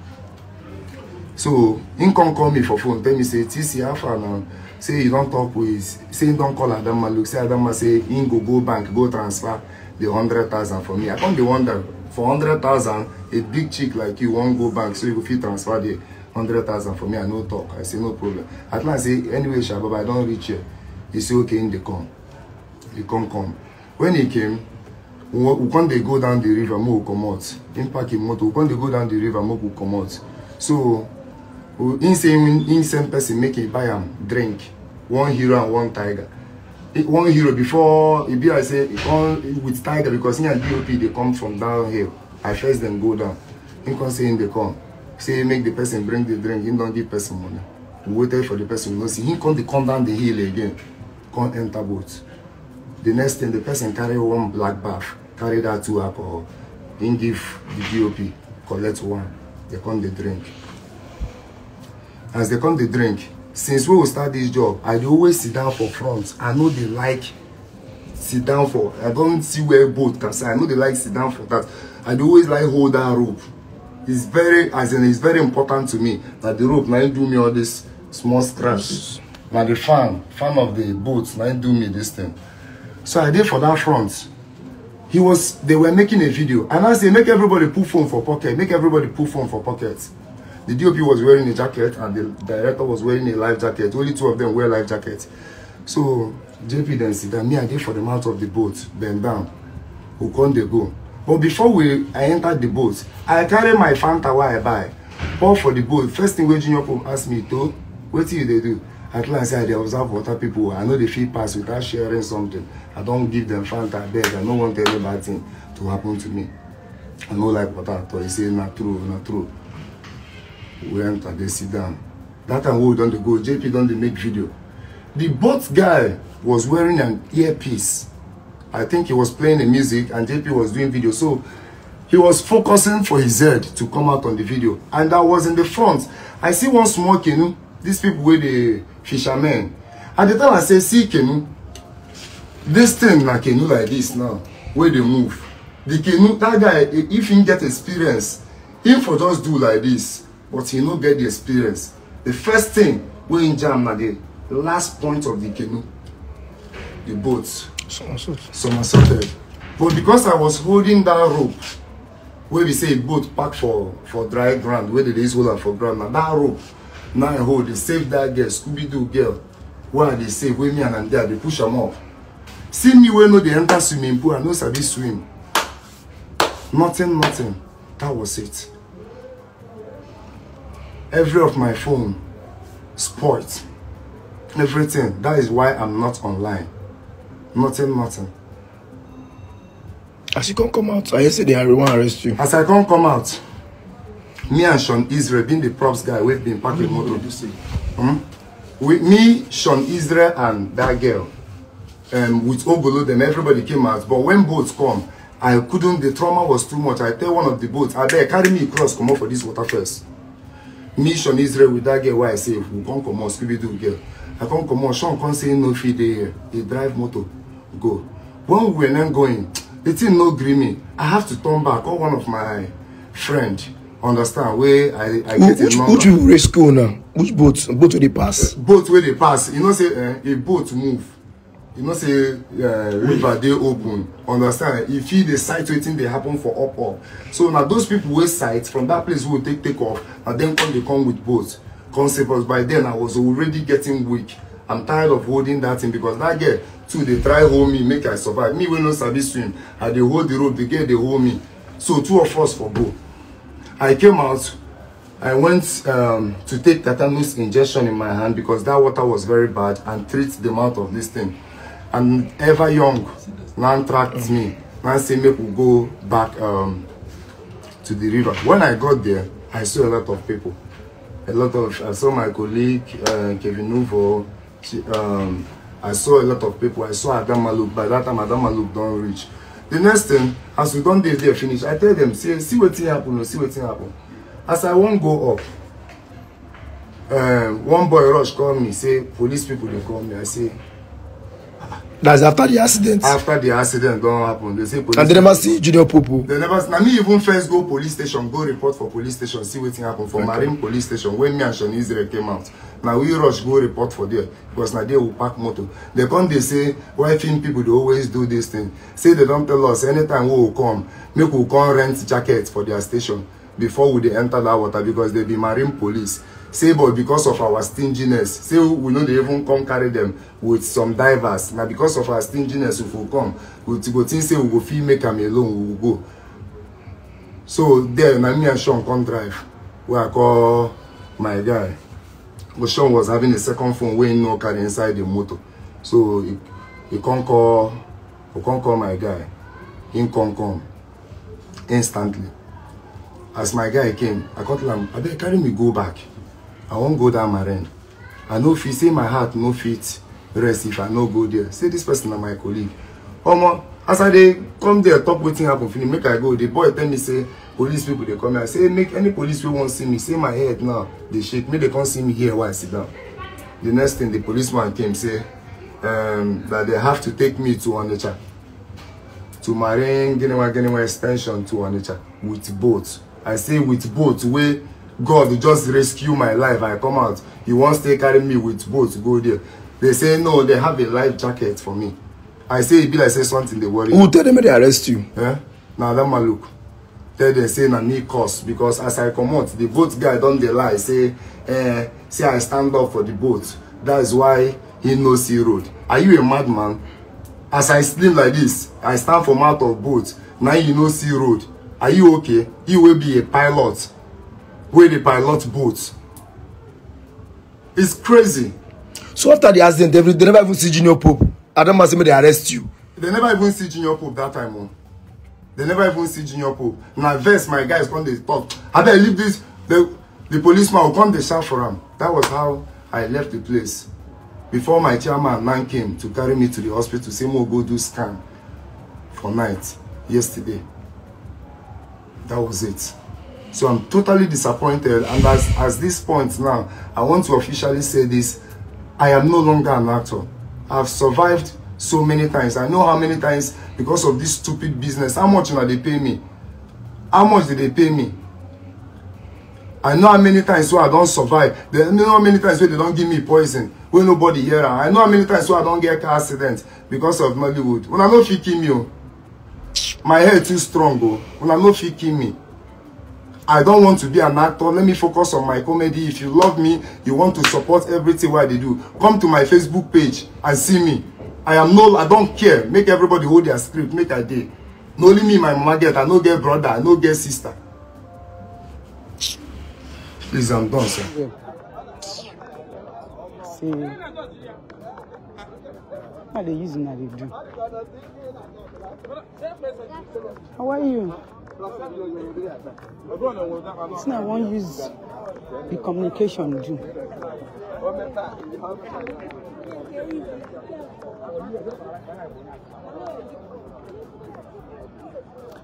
so he come call me for phone tell me say tc how far na say you don't talk with say he don't call adamma look say adamma say he go go bank go transfer the hundred thousand for me i come dey wonder for hundred thousand a big chick like you won't go back, so you go fit transfer there hundred thousand for me i no talk i say no problem at last say anyway sha baba i don reach here he say okay he dey come he come come when he came we, we come dey go down the river make we comot him park him motor we come dey go down the river make we comot so him say him send person make he buy am drink one hero and one tiger one hero before e be like say e come with tiger because him and dop dey come from down downhill i first dem go down him come say him dey come say make the person bring the drink He don't give person money we waited for the person we no see him come dey come down the hill again come enter boat the next thing the person carry one black bath carry that two alcohol he give the gop collect one they come the drink as they come the drink since wey we start this job i always sit down for front i know they like sit down for i don't see where boat can say i know they like sit down for that I dey always like hold that rope. It's very, as in, it's very important to me that the rope now do me all this small scratch. Now the farm, farm of the boats now do me this thing. So I did for that front. He was, they were making a video. And I said, make everybody put phone for pocket. Make everybody put phone for pocket. The DOP was wearing a jacket and the director was wearing a life jacket. Only two of them wear life jackets. So JP then said that me, I did for the mouth of the boat, bend down. Who can't they go? But before we I entered the boat, I carried my Fanta where I buy. Pour for the boat. First thing when Junior Pope asked me to, what do they do? At last I said they observe water people. I know they feel pass without sharing something. I don't give them Fanta bed. I don't want any bad thing to happen to me. I don't like water at all. He said not true, not true. We enter, they sit down. That time we don't go, JP don't make video. The boat guy was wearing an earpiece. I think he was playing the music and JP was doing video. So he was focusing for his head to come out on the video. And I was in the front. I see one small canoe. These people were the fishermen. At the time I say, see canoe, this thing like canoe like this now, where they move. The canoe, that guy, if he get experience, he for just do like this, but he not get the experience. The first thing, we in jam na the last point of the canoe, the boats." somersaulted. somersaulted but because i was holding that rope where we say boat pack for for dry ground where the days hold am for ground na that rope now i hold dey save that girl scooby-doo girl wey they save Where me and am there? They push them off see me wey no they enter swimming pool i no sabi swim nothing nothing that was it every of my phone sports, everything that is why i'm not online Martin Martin. As you can't come out, I say they are one arrest you. As I can't come out, me and Sean Israel, being the props guy, we've been packing mm -hmm. motor. With me, Sean Israel, and that girl, um, with Ogolo, them, everybody came out. But when boats come, I couldn't, the trauma was too much. I tell one of the boats, I beg, carry me across, come up for this water first. Me, Sean Israel, with that girl, where I say, we can't come out, Scooby-Doo girl. I can't come out, Sean can't say no fee, they, they drive motor go when we were then going the thing no gree me i have to turn back call one of my friend understand where i i get which, a number. which race school na which boat boat where they pass. Uh, boat where they pass you know say uh, a boat move you know say uh, river they open understand If fit dey sight wetin dey happen for up up so now those people wey sight from that place wey we take take off and then come they come with boat come save by then i was already getting weak i'm tired of holding that thing because that girl So they try hold me make i survive me wey no sabi swim i dey hold the rope the girl dey hold me so two of us for go i came out i went um, to take tetanus injection in my hand because that water was very bad and treat the mouth of this thing and ever young man tracked me Man say make we go back um, to the river when i got there i saw a lot of people a lot of i saw my colleague uh, kevin nuvo she, um, I saw a lot of people. I saw Adam look. By that time, Adam look don't reach. The next thing, as we done this, there finish, I tell them, see, see thing happen o, oh, see thing happen. As I won't go up, um, one boy rush call me, say, police people they call me. I say, That's after the accident. After the accident don't happen, they say police. And they never see Junior Popo. They never. Now me even first go police station, go report for police station, see what thing happen for okay. Marine police station. When me and Sean came out, now we rush go report for there because now they will pack motor. They come, they say why film people they always do this thing. Say they don't tell us anytime we will come, make we come rent jackets for their station before we they enter that water because they be Marine police say but because of our stinginess say we no dey even come carry dem with some divers na because of our stinginess we for come we go think say we go fit make am alone we go go so there na me and sean come drive wey i call my guy but sean was having a second phone wey he no carry inside the motor so he, he come call he come call my guy he come come instantly as my guy came i come tell am abeg carry me go back i won't go dat marine i no fit say my heart no fit rest if i no go there say this person na my colleague omo as i dey come there talk wetin happen finish make i go the boy tell me say police people dey come here i say make any police wey wan see me say my head now dey shake make They come see me here while i sit down the next thing the policeman came say um, ehm, that they have to take me to Onitsha to Marine Ginewa Ginewa extension to Onitsha with boat. I say with boat where god just rescue my life i come out He wants to carry me with boat go there they say no they have a life jacket for me i say e be say something They worry who tell them they arrest you eh na that maluk tell them say na me cause because as i come out, the boat guy don't dey lie say eh say i stand up for the boat That is why he no see road are you a madman? as i slim like this i stand from out of boat Now you no see road are you okay you will be a pilot wey dey lot boat it's crazy. so after the accident they, they never even see junior pope adama say make they arrest you. they never even see junior pope that time o oh. they never even see junior pope Now vex my guys come dey talk I leave this the the policeman go come to shout for him. that was how i left the place before my chairman man came to carry me to the hospital to say mo go do scan for night yesterday that was it. So I'm totally disappointed. And as, as this point now, I want to officially say this. I am no longer an actor. I've survived so many times. I know how many times because of this stupid business. How much did they pay me? How much did they pay me? I know how many times where I don't survive. They, I know how many times where they don't give me poison. Where nobody hear. I know how many times where I don't get car accidents because of Nollywood. When I know if you kill me, oh. my head too strong. bro. When I know if kill me. I don't want to be an actor. Let me focus on my comedy. If you love me, you want to support everything what I do. Come to my Facebook page and see me. I am no, I don't care. Make everybody hold their script. Make a day. No only me, my mama get. I no get brother. I no get sister. Please, I'm done, sir. See, how they using that they do? How are you? It's not one use the communication do.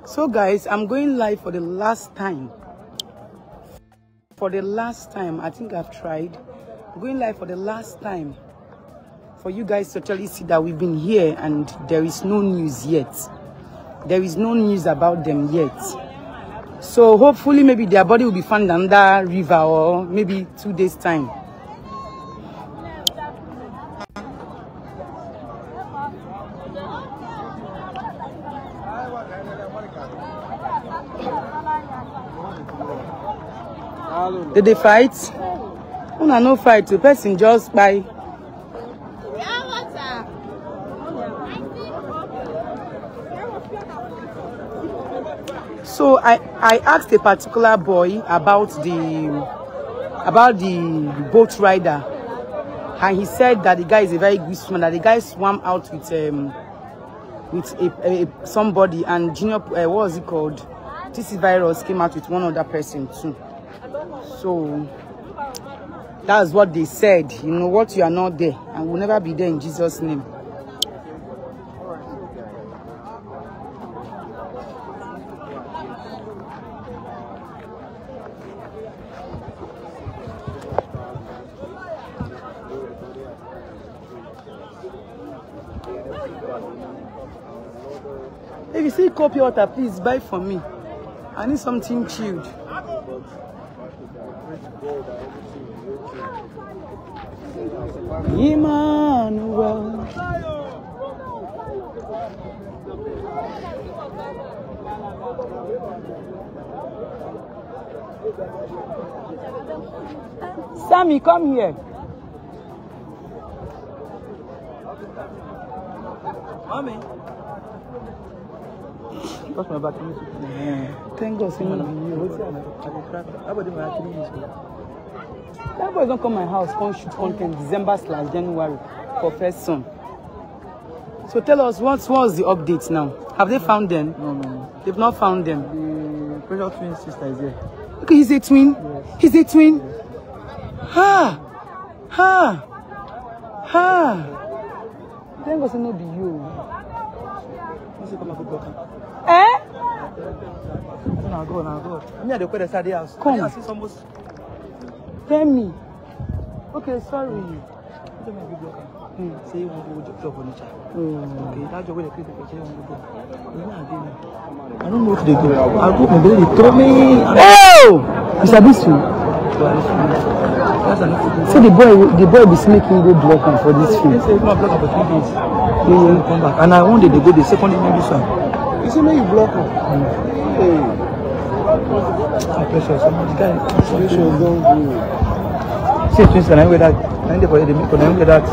So guys, I'm going live for the last time. For the last time, I think I've tried. I'm going live for the last time. For you guys to totally see that we've been here and there is no news yet. There is no news about them yet. So hopefully maybe their body will be found under river or maybe two days time. Did they fight? Una no fight, the person just by So I, I asked a particular boy about the about the boat rider and he said that the guy is a very good swimmer that the guy swam out with um with a, a somebody and junior uh, what was it called TC virus came out with one other person too so that's what they said you know what you are not there and will never be there in Jesus name see coffee water, please buy for me. I need something chilled. Emmanuel. Sammy, come here. Mommy. Because my back is yeah. Eh, thank God, How my Simon. That boy don't come my house, come shoot content December slash January for first son. So tell us, what's, what's the update now? Have they found them? No, no, no. They've not found them. The pressure twin sister is there. Okay, he's a twin? Yes. He's a twin? Yes. Ha! Ha! Ha! Thank God, say no be you. Let's see, come up with Eh? Now go, now go. Me, I go to Saudi house. Come. I almost. Tell me. Okay, sorry. Tell Mm. Say you want to go job for Mm. Okay, that job where they create the picture, you want to go. I don't know what they do. I'll go, my baby, throw me. Oh! It's a biscuit. So the boy, the boy is making go blocking for this field. Yeah, yeah. and I one day they go the second evening this one. You see, me, you block him. Mm. Hey. I pressure so much guy. Pressure don go. See twins na wey that na dey for dey make na wey that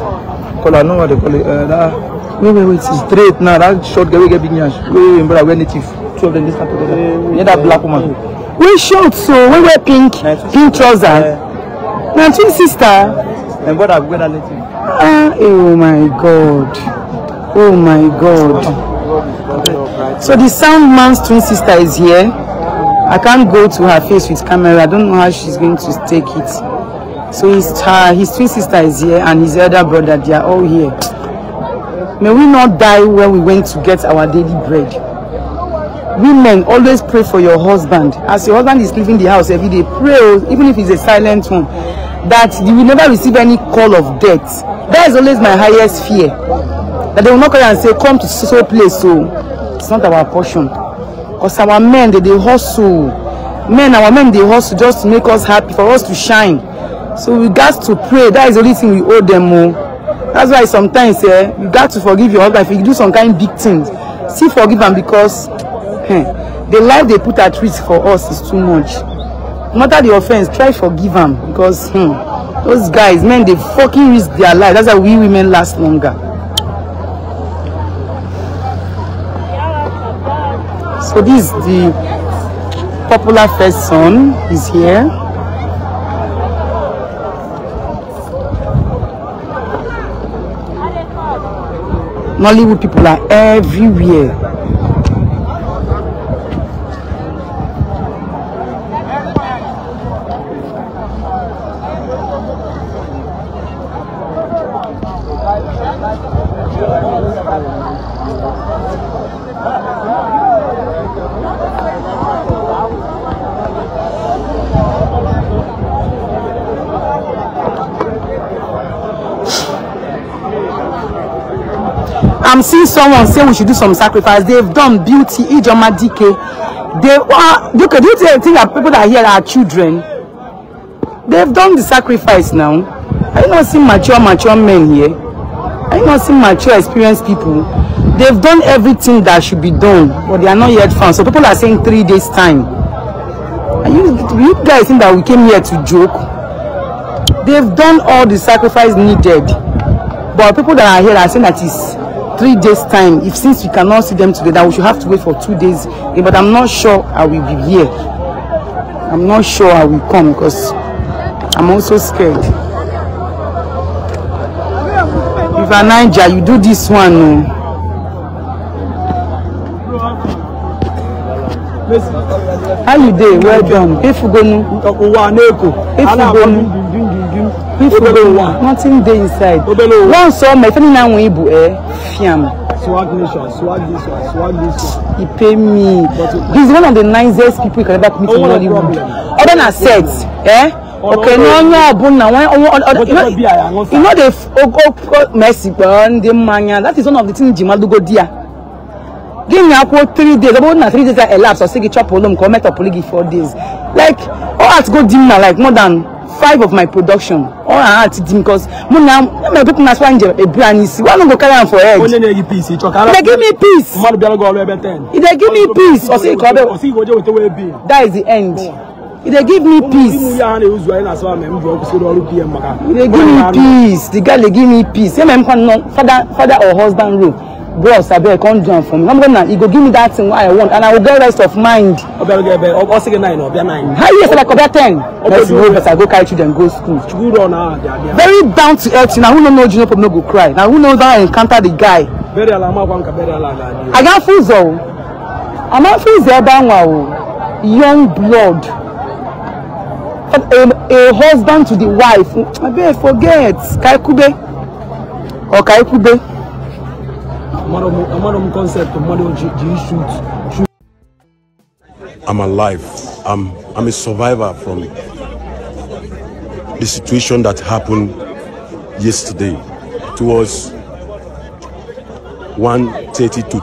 color no what they call it uh, that wait wait wait straight now that short guy wey get big nyash wey him brother wear native two of them dey stand together near that black woman. wey short so wey wear pink pink trousers na twin sister. And brother wear that native. ah oh my god oh my god. So the sound man's twin sister is here. I can't go to her face with camera. I don't know how she's going to take it. So his, her, his twin sister is here and his elder brother, they are all here. May we not die where we went to get our daily bread. Women, always pray for your husband. As your husband is leaving the house every day, pray, even if it's a silent one, that you will never receive any call of death. That is always my highest fear that they will not carry and say come to so, so place so oh. it's not our portion because our men they, they hustle men our men they hustle just to make us happy for us to shine so we got to pray that is the only thing we owe them oh that's why sometimes eh, you got to forgive your husband if you do some kind of big things See, forgive am because eh, the life they put at risk for us is too much no matter the offense try forgive am because hmm, those guys men they fucking risk their life that's why we women last longer. So this is the popular first son is here. Nollywood people are everywhere. someone say we should do some sacrifice they've done beauty ijoma dike they are uh, dike do you think that people that are here are children they've done the sacrifice now are you not seeing mature mature men here are you not seeing mature experienced people they've done everything that should be done but they are not yet found so people are saying three days time Are you you guys think that we came here to joke they've done all the sacrifice needed but people that are here are saying that it's three days time if since we cannot see them together we should have to wait for two days eh, but i'm not sure i will be here i'm not sure i will come because i'm also scared if na naija you do this one o. Oh. No. how you dey well done efugonu. nkankan wa n'eko. efugonu. Ifo, nothing dey inside. One saw my family now in Ibu, eh? Fiam. Swag nation, swag this one, swag this one. He pay me. He's one of the nicest people you can ever meet oh, in Hollywood. Other than set, eh? Oh, okay, no, no, but now when you know the oh, oh, oh mercy, burn the mania. That is one of the things Jimadu go dear give me akwo three days about na three days i elapse or say chop olom come meet up for four days like all at go dim na like more than five of my production all her heart dey because mo na my people na so anjẹ ebira ni si Why don't go carry am for head. o ní ní peace ìtọ́ka. give me peace. ọmọ àdúgbò ọlọ́gọ́ ọlọ́ ẹbẹ ten. he dey give me peace ọsẹ ikọ ọbẹ. ọsẹ ikọ ọjọ́ òtẹ́wọ́ ebi. that is the end. he dey give me peace. ọmọ ìmú give me peace the guy dey give me peace say my father father or husband rule bros abeg come do for me i'm gonna he go give me that thing i want and i go get rest of mind. ọbẹ̀ ọbẹ̀ ọbẹ̀ ọbẹ̀ ọsẹ nine ọbẹ̀ nine. how you say like ọbẹ̀ ten. let's go I go carry children go school. chukwu run ah dia dia. very down to earth na who no know junior pope no go cry na who knows that i encounter the guy. bẹ́ẹ̀rẹ̀ ala máa wá nǹkan bẹ́ẹ̀rẹ̀ ala ala ni. àyà fúzọ̀ o àmọ́ fúzọ̀ ẹ bá o young blood a, a husband to the wife abeg forget kaikube or oh, kaikube. I'm alive. I'm, I'm a survivor from the situation that happened yesterday towards 1.30 to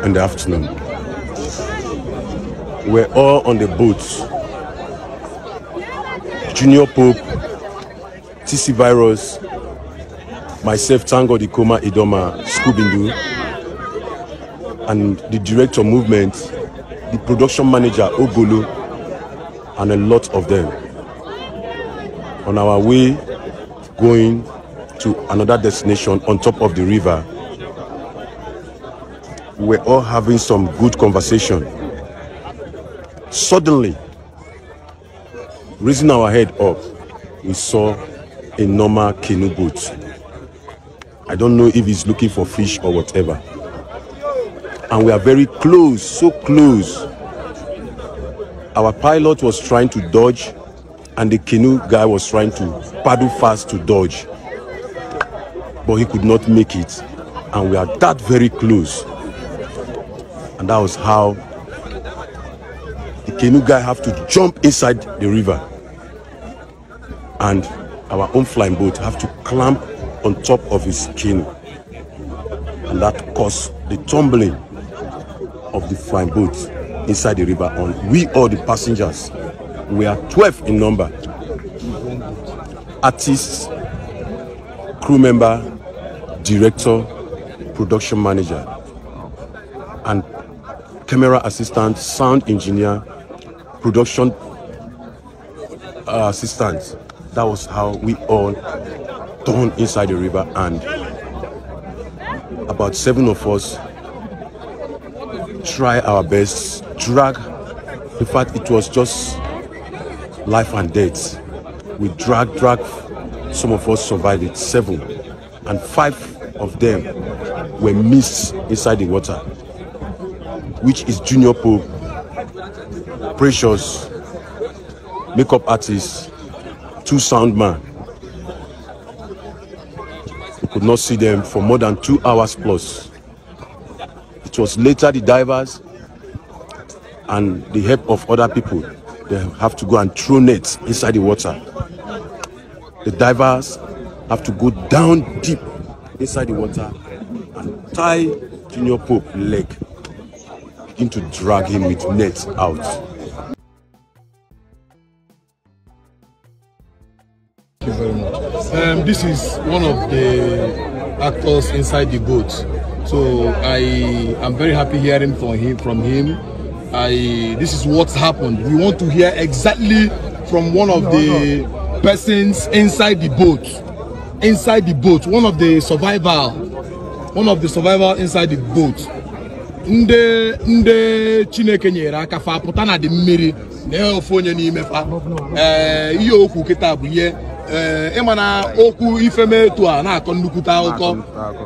2 in the afternoon. We're all on the boat. Junior Pope, TC Virus, myself, Tango Dikoma Idoma Skubindu, and the director movement, the production manager Ogolo, and a lot of them. On our way going to another destination on top of the river, we're all having some good conversation. Suddenly, raising our head up, we saw a normal canoe boat I don't know if he's looking for fish or whatever. And we are very close, so close. Our pilot was trying to dodge and the canoe guy was trying to paddle fast to dodge. But he could not make it. And we are that very close. And that was how the canoe guy have to jump inside the river. And our own flying boat have to clamp on top of his skin. And that caused the tumbling of the flying boat inside the river. On we, all the passengers, we are 12 in number. Artists, crew member, director, production manager, and camera assistant, sound engineer, production uh, assistant. That was how we all torn inside the river and about seven of us try our best, drag. In fact, it was just life and death. We drag, drag. Some of us survived it, seven. And five of them were missed inside the water, which is Junior Pope, Precious, makeup artist, two sound man, could not see them for more than two hours plus. It was later the divers and the help of other people, they have to go and throw nets inside the water. The divers have to go down deep inside the water and tie Junior Pope leg, begin to drag him with nets out. you very much. Um, this is one of the actors inside the boat. So I am very happy hearing from him. From him, I this is what's happened. We want to hear exactly from one of no, the no. persons inside the boat. Inside the boat, one of the survivor, one of the survivor inside the boat. ndị ndị chineke nyere aka fa pụta na dị mmiri na-eofe onye n'ime fa ee eh, Eh, ịma na okwu ifeme etu a na-akọ nnukwute akụkọ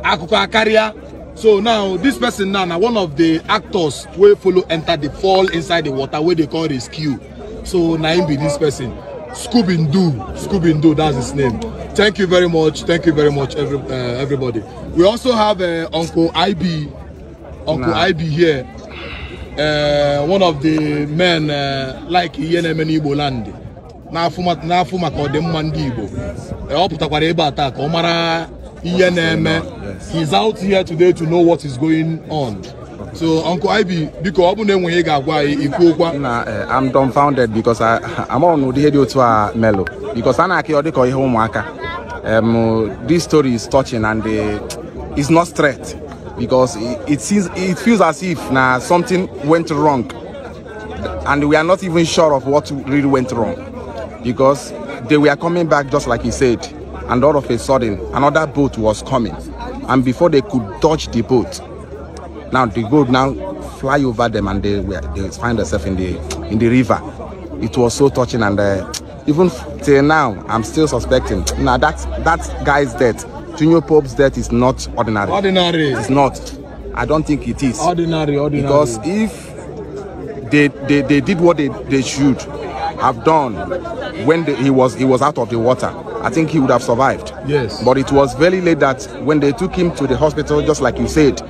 akụkọ karịa so now this person now na one of the actors wey follow enter the fall inside the water wey they call rescue so na him be this person scooby-doo that's his name thank you very much thank you very much every, uh, everybody we also have uh, uncle ib uncle nah. ib here uh, one of the men uh, like iyeneme n'igbo land n'afọ maka ọdịmma ndị Igbo e, ọ pụtakwara ebe a taa ka ọ mara ihe na-eme he's out here today to know what is going on so Uncle Ibe biko ọ bụ na enweghị ga-agwa anyị ikwuokwa na eh, I'm dumbfounded because I na on ihe dị otu a melo because a na-akị ọ dịka ihe ụmụaka this story is touching and eh, it's not straight because it seems it feels as if na something went wrong and we are not even sure of what really went wrong because they were coming back just like he said and all of a sudden another boat was coming and before they could dodge the boat now the boat now fly over them and they were they find themselves in the in the river it was so touching and uh, even till now i'm still suspecting now that that guy's death junior pope's death is not ordinary ordinary it's not i don't think it is ordinary ordinary because if they they, they did what they, they should have done when the, he was he was out of the water, I think he would have survived. Yes. But it was very late that when they took him to the hospital, just like you said,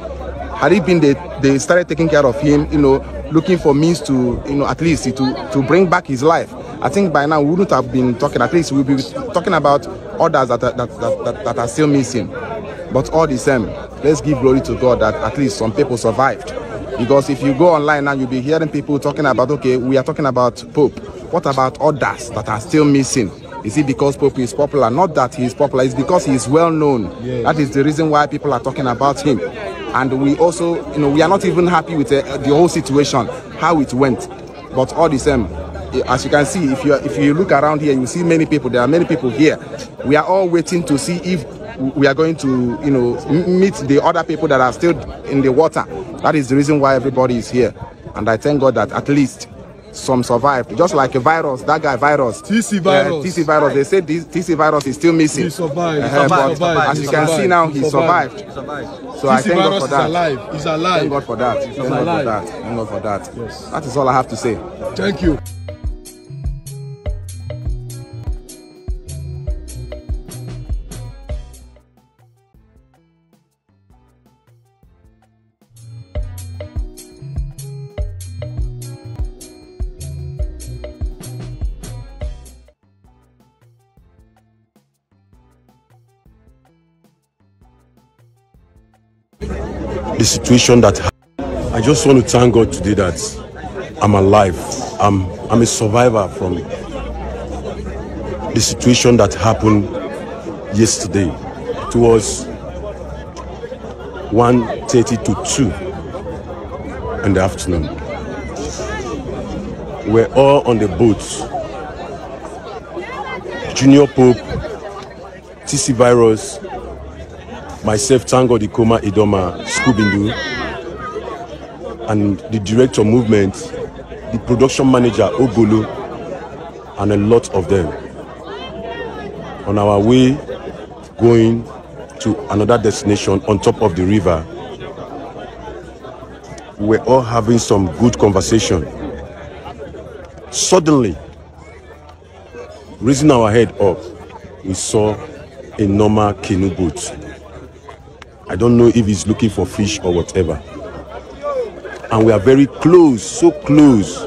had it been they they started taking care of him, you know, looking for means to you know at least to to bring back his life. I think by now we wouldn't have been talking. At least we'll be talking about others that that, that, that, that are still missing. But all the same, let's give glory to God that at least some people survived. Because if you go online now, you'll be hearing people talking about, okay, we are talking about Pope. What about others that are still missing? Is it because Pope is popular? Not that he is popular, it's because he is well known. Yes. That is the reason why people are talking about him. And we also, you know, we are not even happy with uh, the whole situation, how it went. But all the same, as you can see, if you if you look around here, you see many people. There are many people here. We are all waiting to see if we are going to, you know, meet the other people that are still in the water. That is the reason why everybody is here. And I thank God that at least some survived just like a virus that guy virus tc virus uh, tc virus they said this tc virus is still missing he survived, uh, he survived, but survived. as he you survived. can see now he, he survived, survived. He survived. so TC i thank god for that alive. he's alive thank god for that thank god for that thank god for that yes. that is all i have to say thank you the situation that I just want to thank God today that I'm alive. I'm, I'm a survivor from the situation that happened yesterday. It was 1.30 to 2 in the afternoon. We're all on the boat. Junior Pope, TC Virus, myself, Tango Dikoma Idoma Skubindu, and the director movement, the production manager Ogolo, and a lot of them. On our way going to another destination on top of the river, we were all having some good conversation. Suddenly, raising our head up, we saw a normal canoe boat I don't know if he's looking for fish or whatever. And we are very close, so close.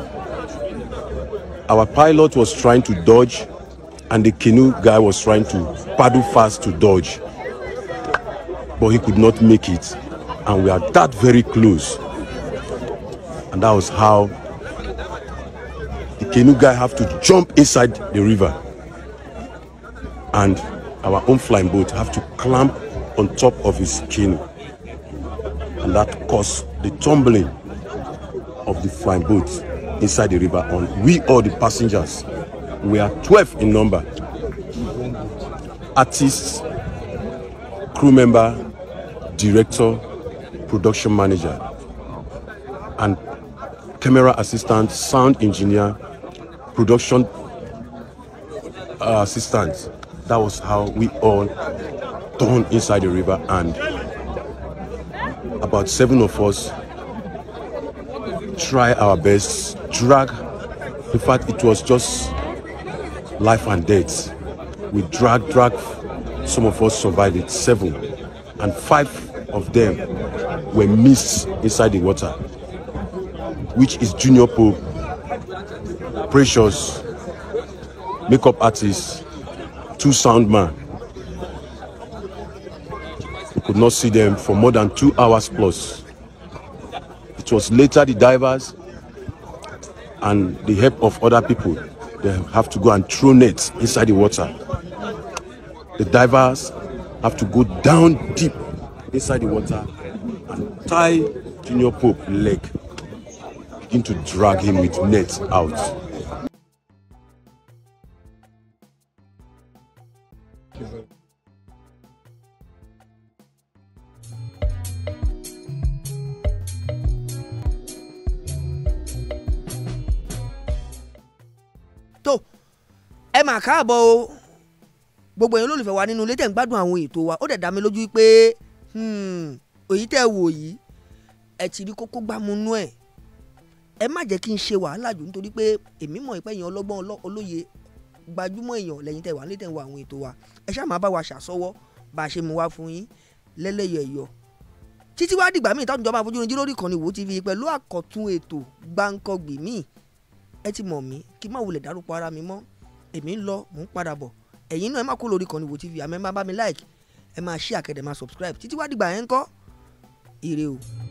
Our pilot was trying to dodge and the canoe guy was trying to paddle fast to dodge. But he could not make it. And we are that very close. And that was how the canoe guy have to jump inside the river. And our own flying boat have to clamp on top of his skin. And that caused the tumbling of the flying boat inside the river. On we, all the passengers, we are 12 in number. Artists, crew member, director, production manager, and camera assistant, sound engineer, production uh, assistant. That was how we all down inside the river and about seven of us try our best drag in fact it was just life and death we drag drag some of us survived it seven and five of them were missed inside the water which is junior pope precious makeup artist two sound man could not see them for more than two hours plus. It was later the divers and the help of other people, they have to go and throw nets inside the water. The divers have to go down deep inside the water and tie Junior Pope leg, begin to drag him with nets out. mà káàbọ̀ o gbogbo yẹn olólùfẹ́ wa nínú ilé tẹ̀ ń gbádùn àwọn ètò wa ó dẹ̀ dá mi lójú pé hmm, èyí tẹ́ wò yìí ẹ ti rí kókó gbámúnú ẹ̀ ẹ má jẹ́ kí n ṣe wàhálà jù nítorí pé èmi mọ̀ ìpẹ́ èèyàn ọlọ́gbọ́n olóye gbajúmọ̀ èèyàn lẹ́yìn tẹ̀ wà nílé tẹ̀ ń wo àwọn ètò wa ẹ ṣáà máa bá wa ṣàsọwọ́ bá a ṣe mú wa fún yín lẹ́lẹ́yẹ̀yọ̀ títí wá dìgbà míì táwọn ìjọba àfojúrin jíròrò ìkànnì wò ó ti fi pẹ̀lú àkọ́tún ètò gbáǹkọ́gbì míì ẹ ti mọ̀ mí kí n má wulẹ̀ dárúkọ ara mi mọ́ èmi ń lọ mò ń padà bọ̀ ẹ̀yin náà ẹ má kó lórí kan ní tv àmọ́ ẹ má bá mi like ẹ má share kẹ́ dẹ̀ subscribe títí wá dìgbà yẹn ń kọ́ ire o.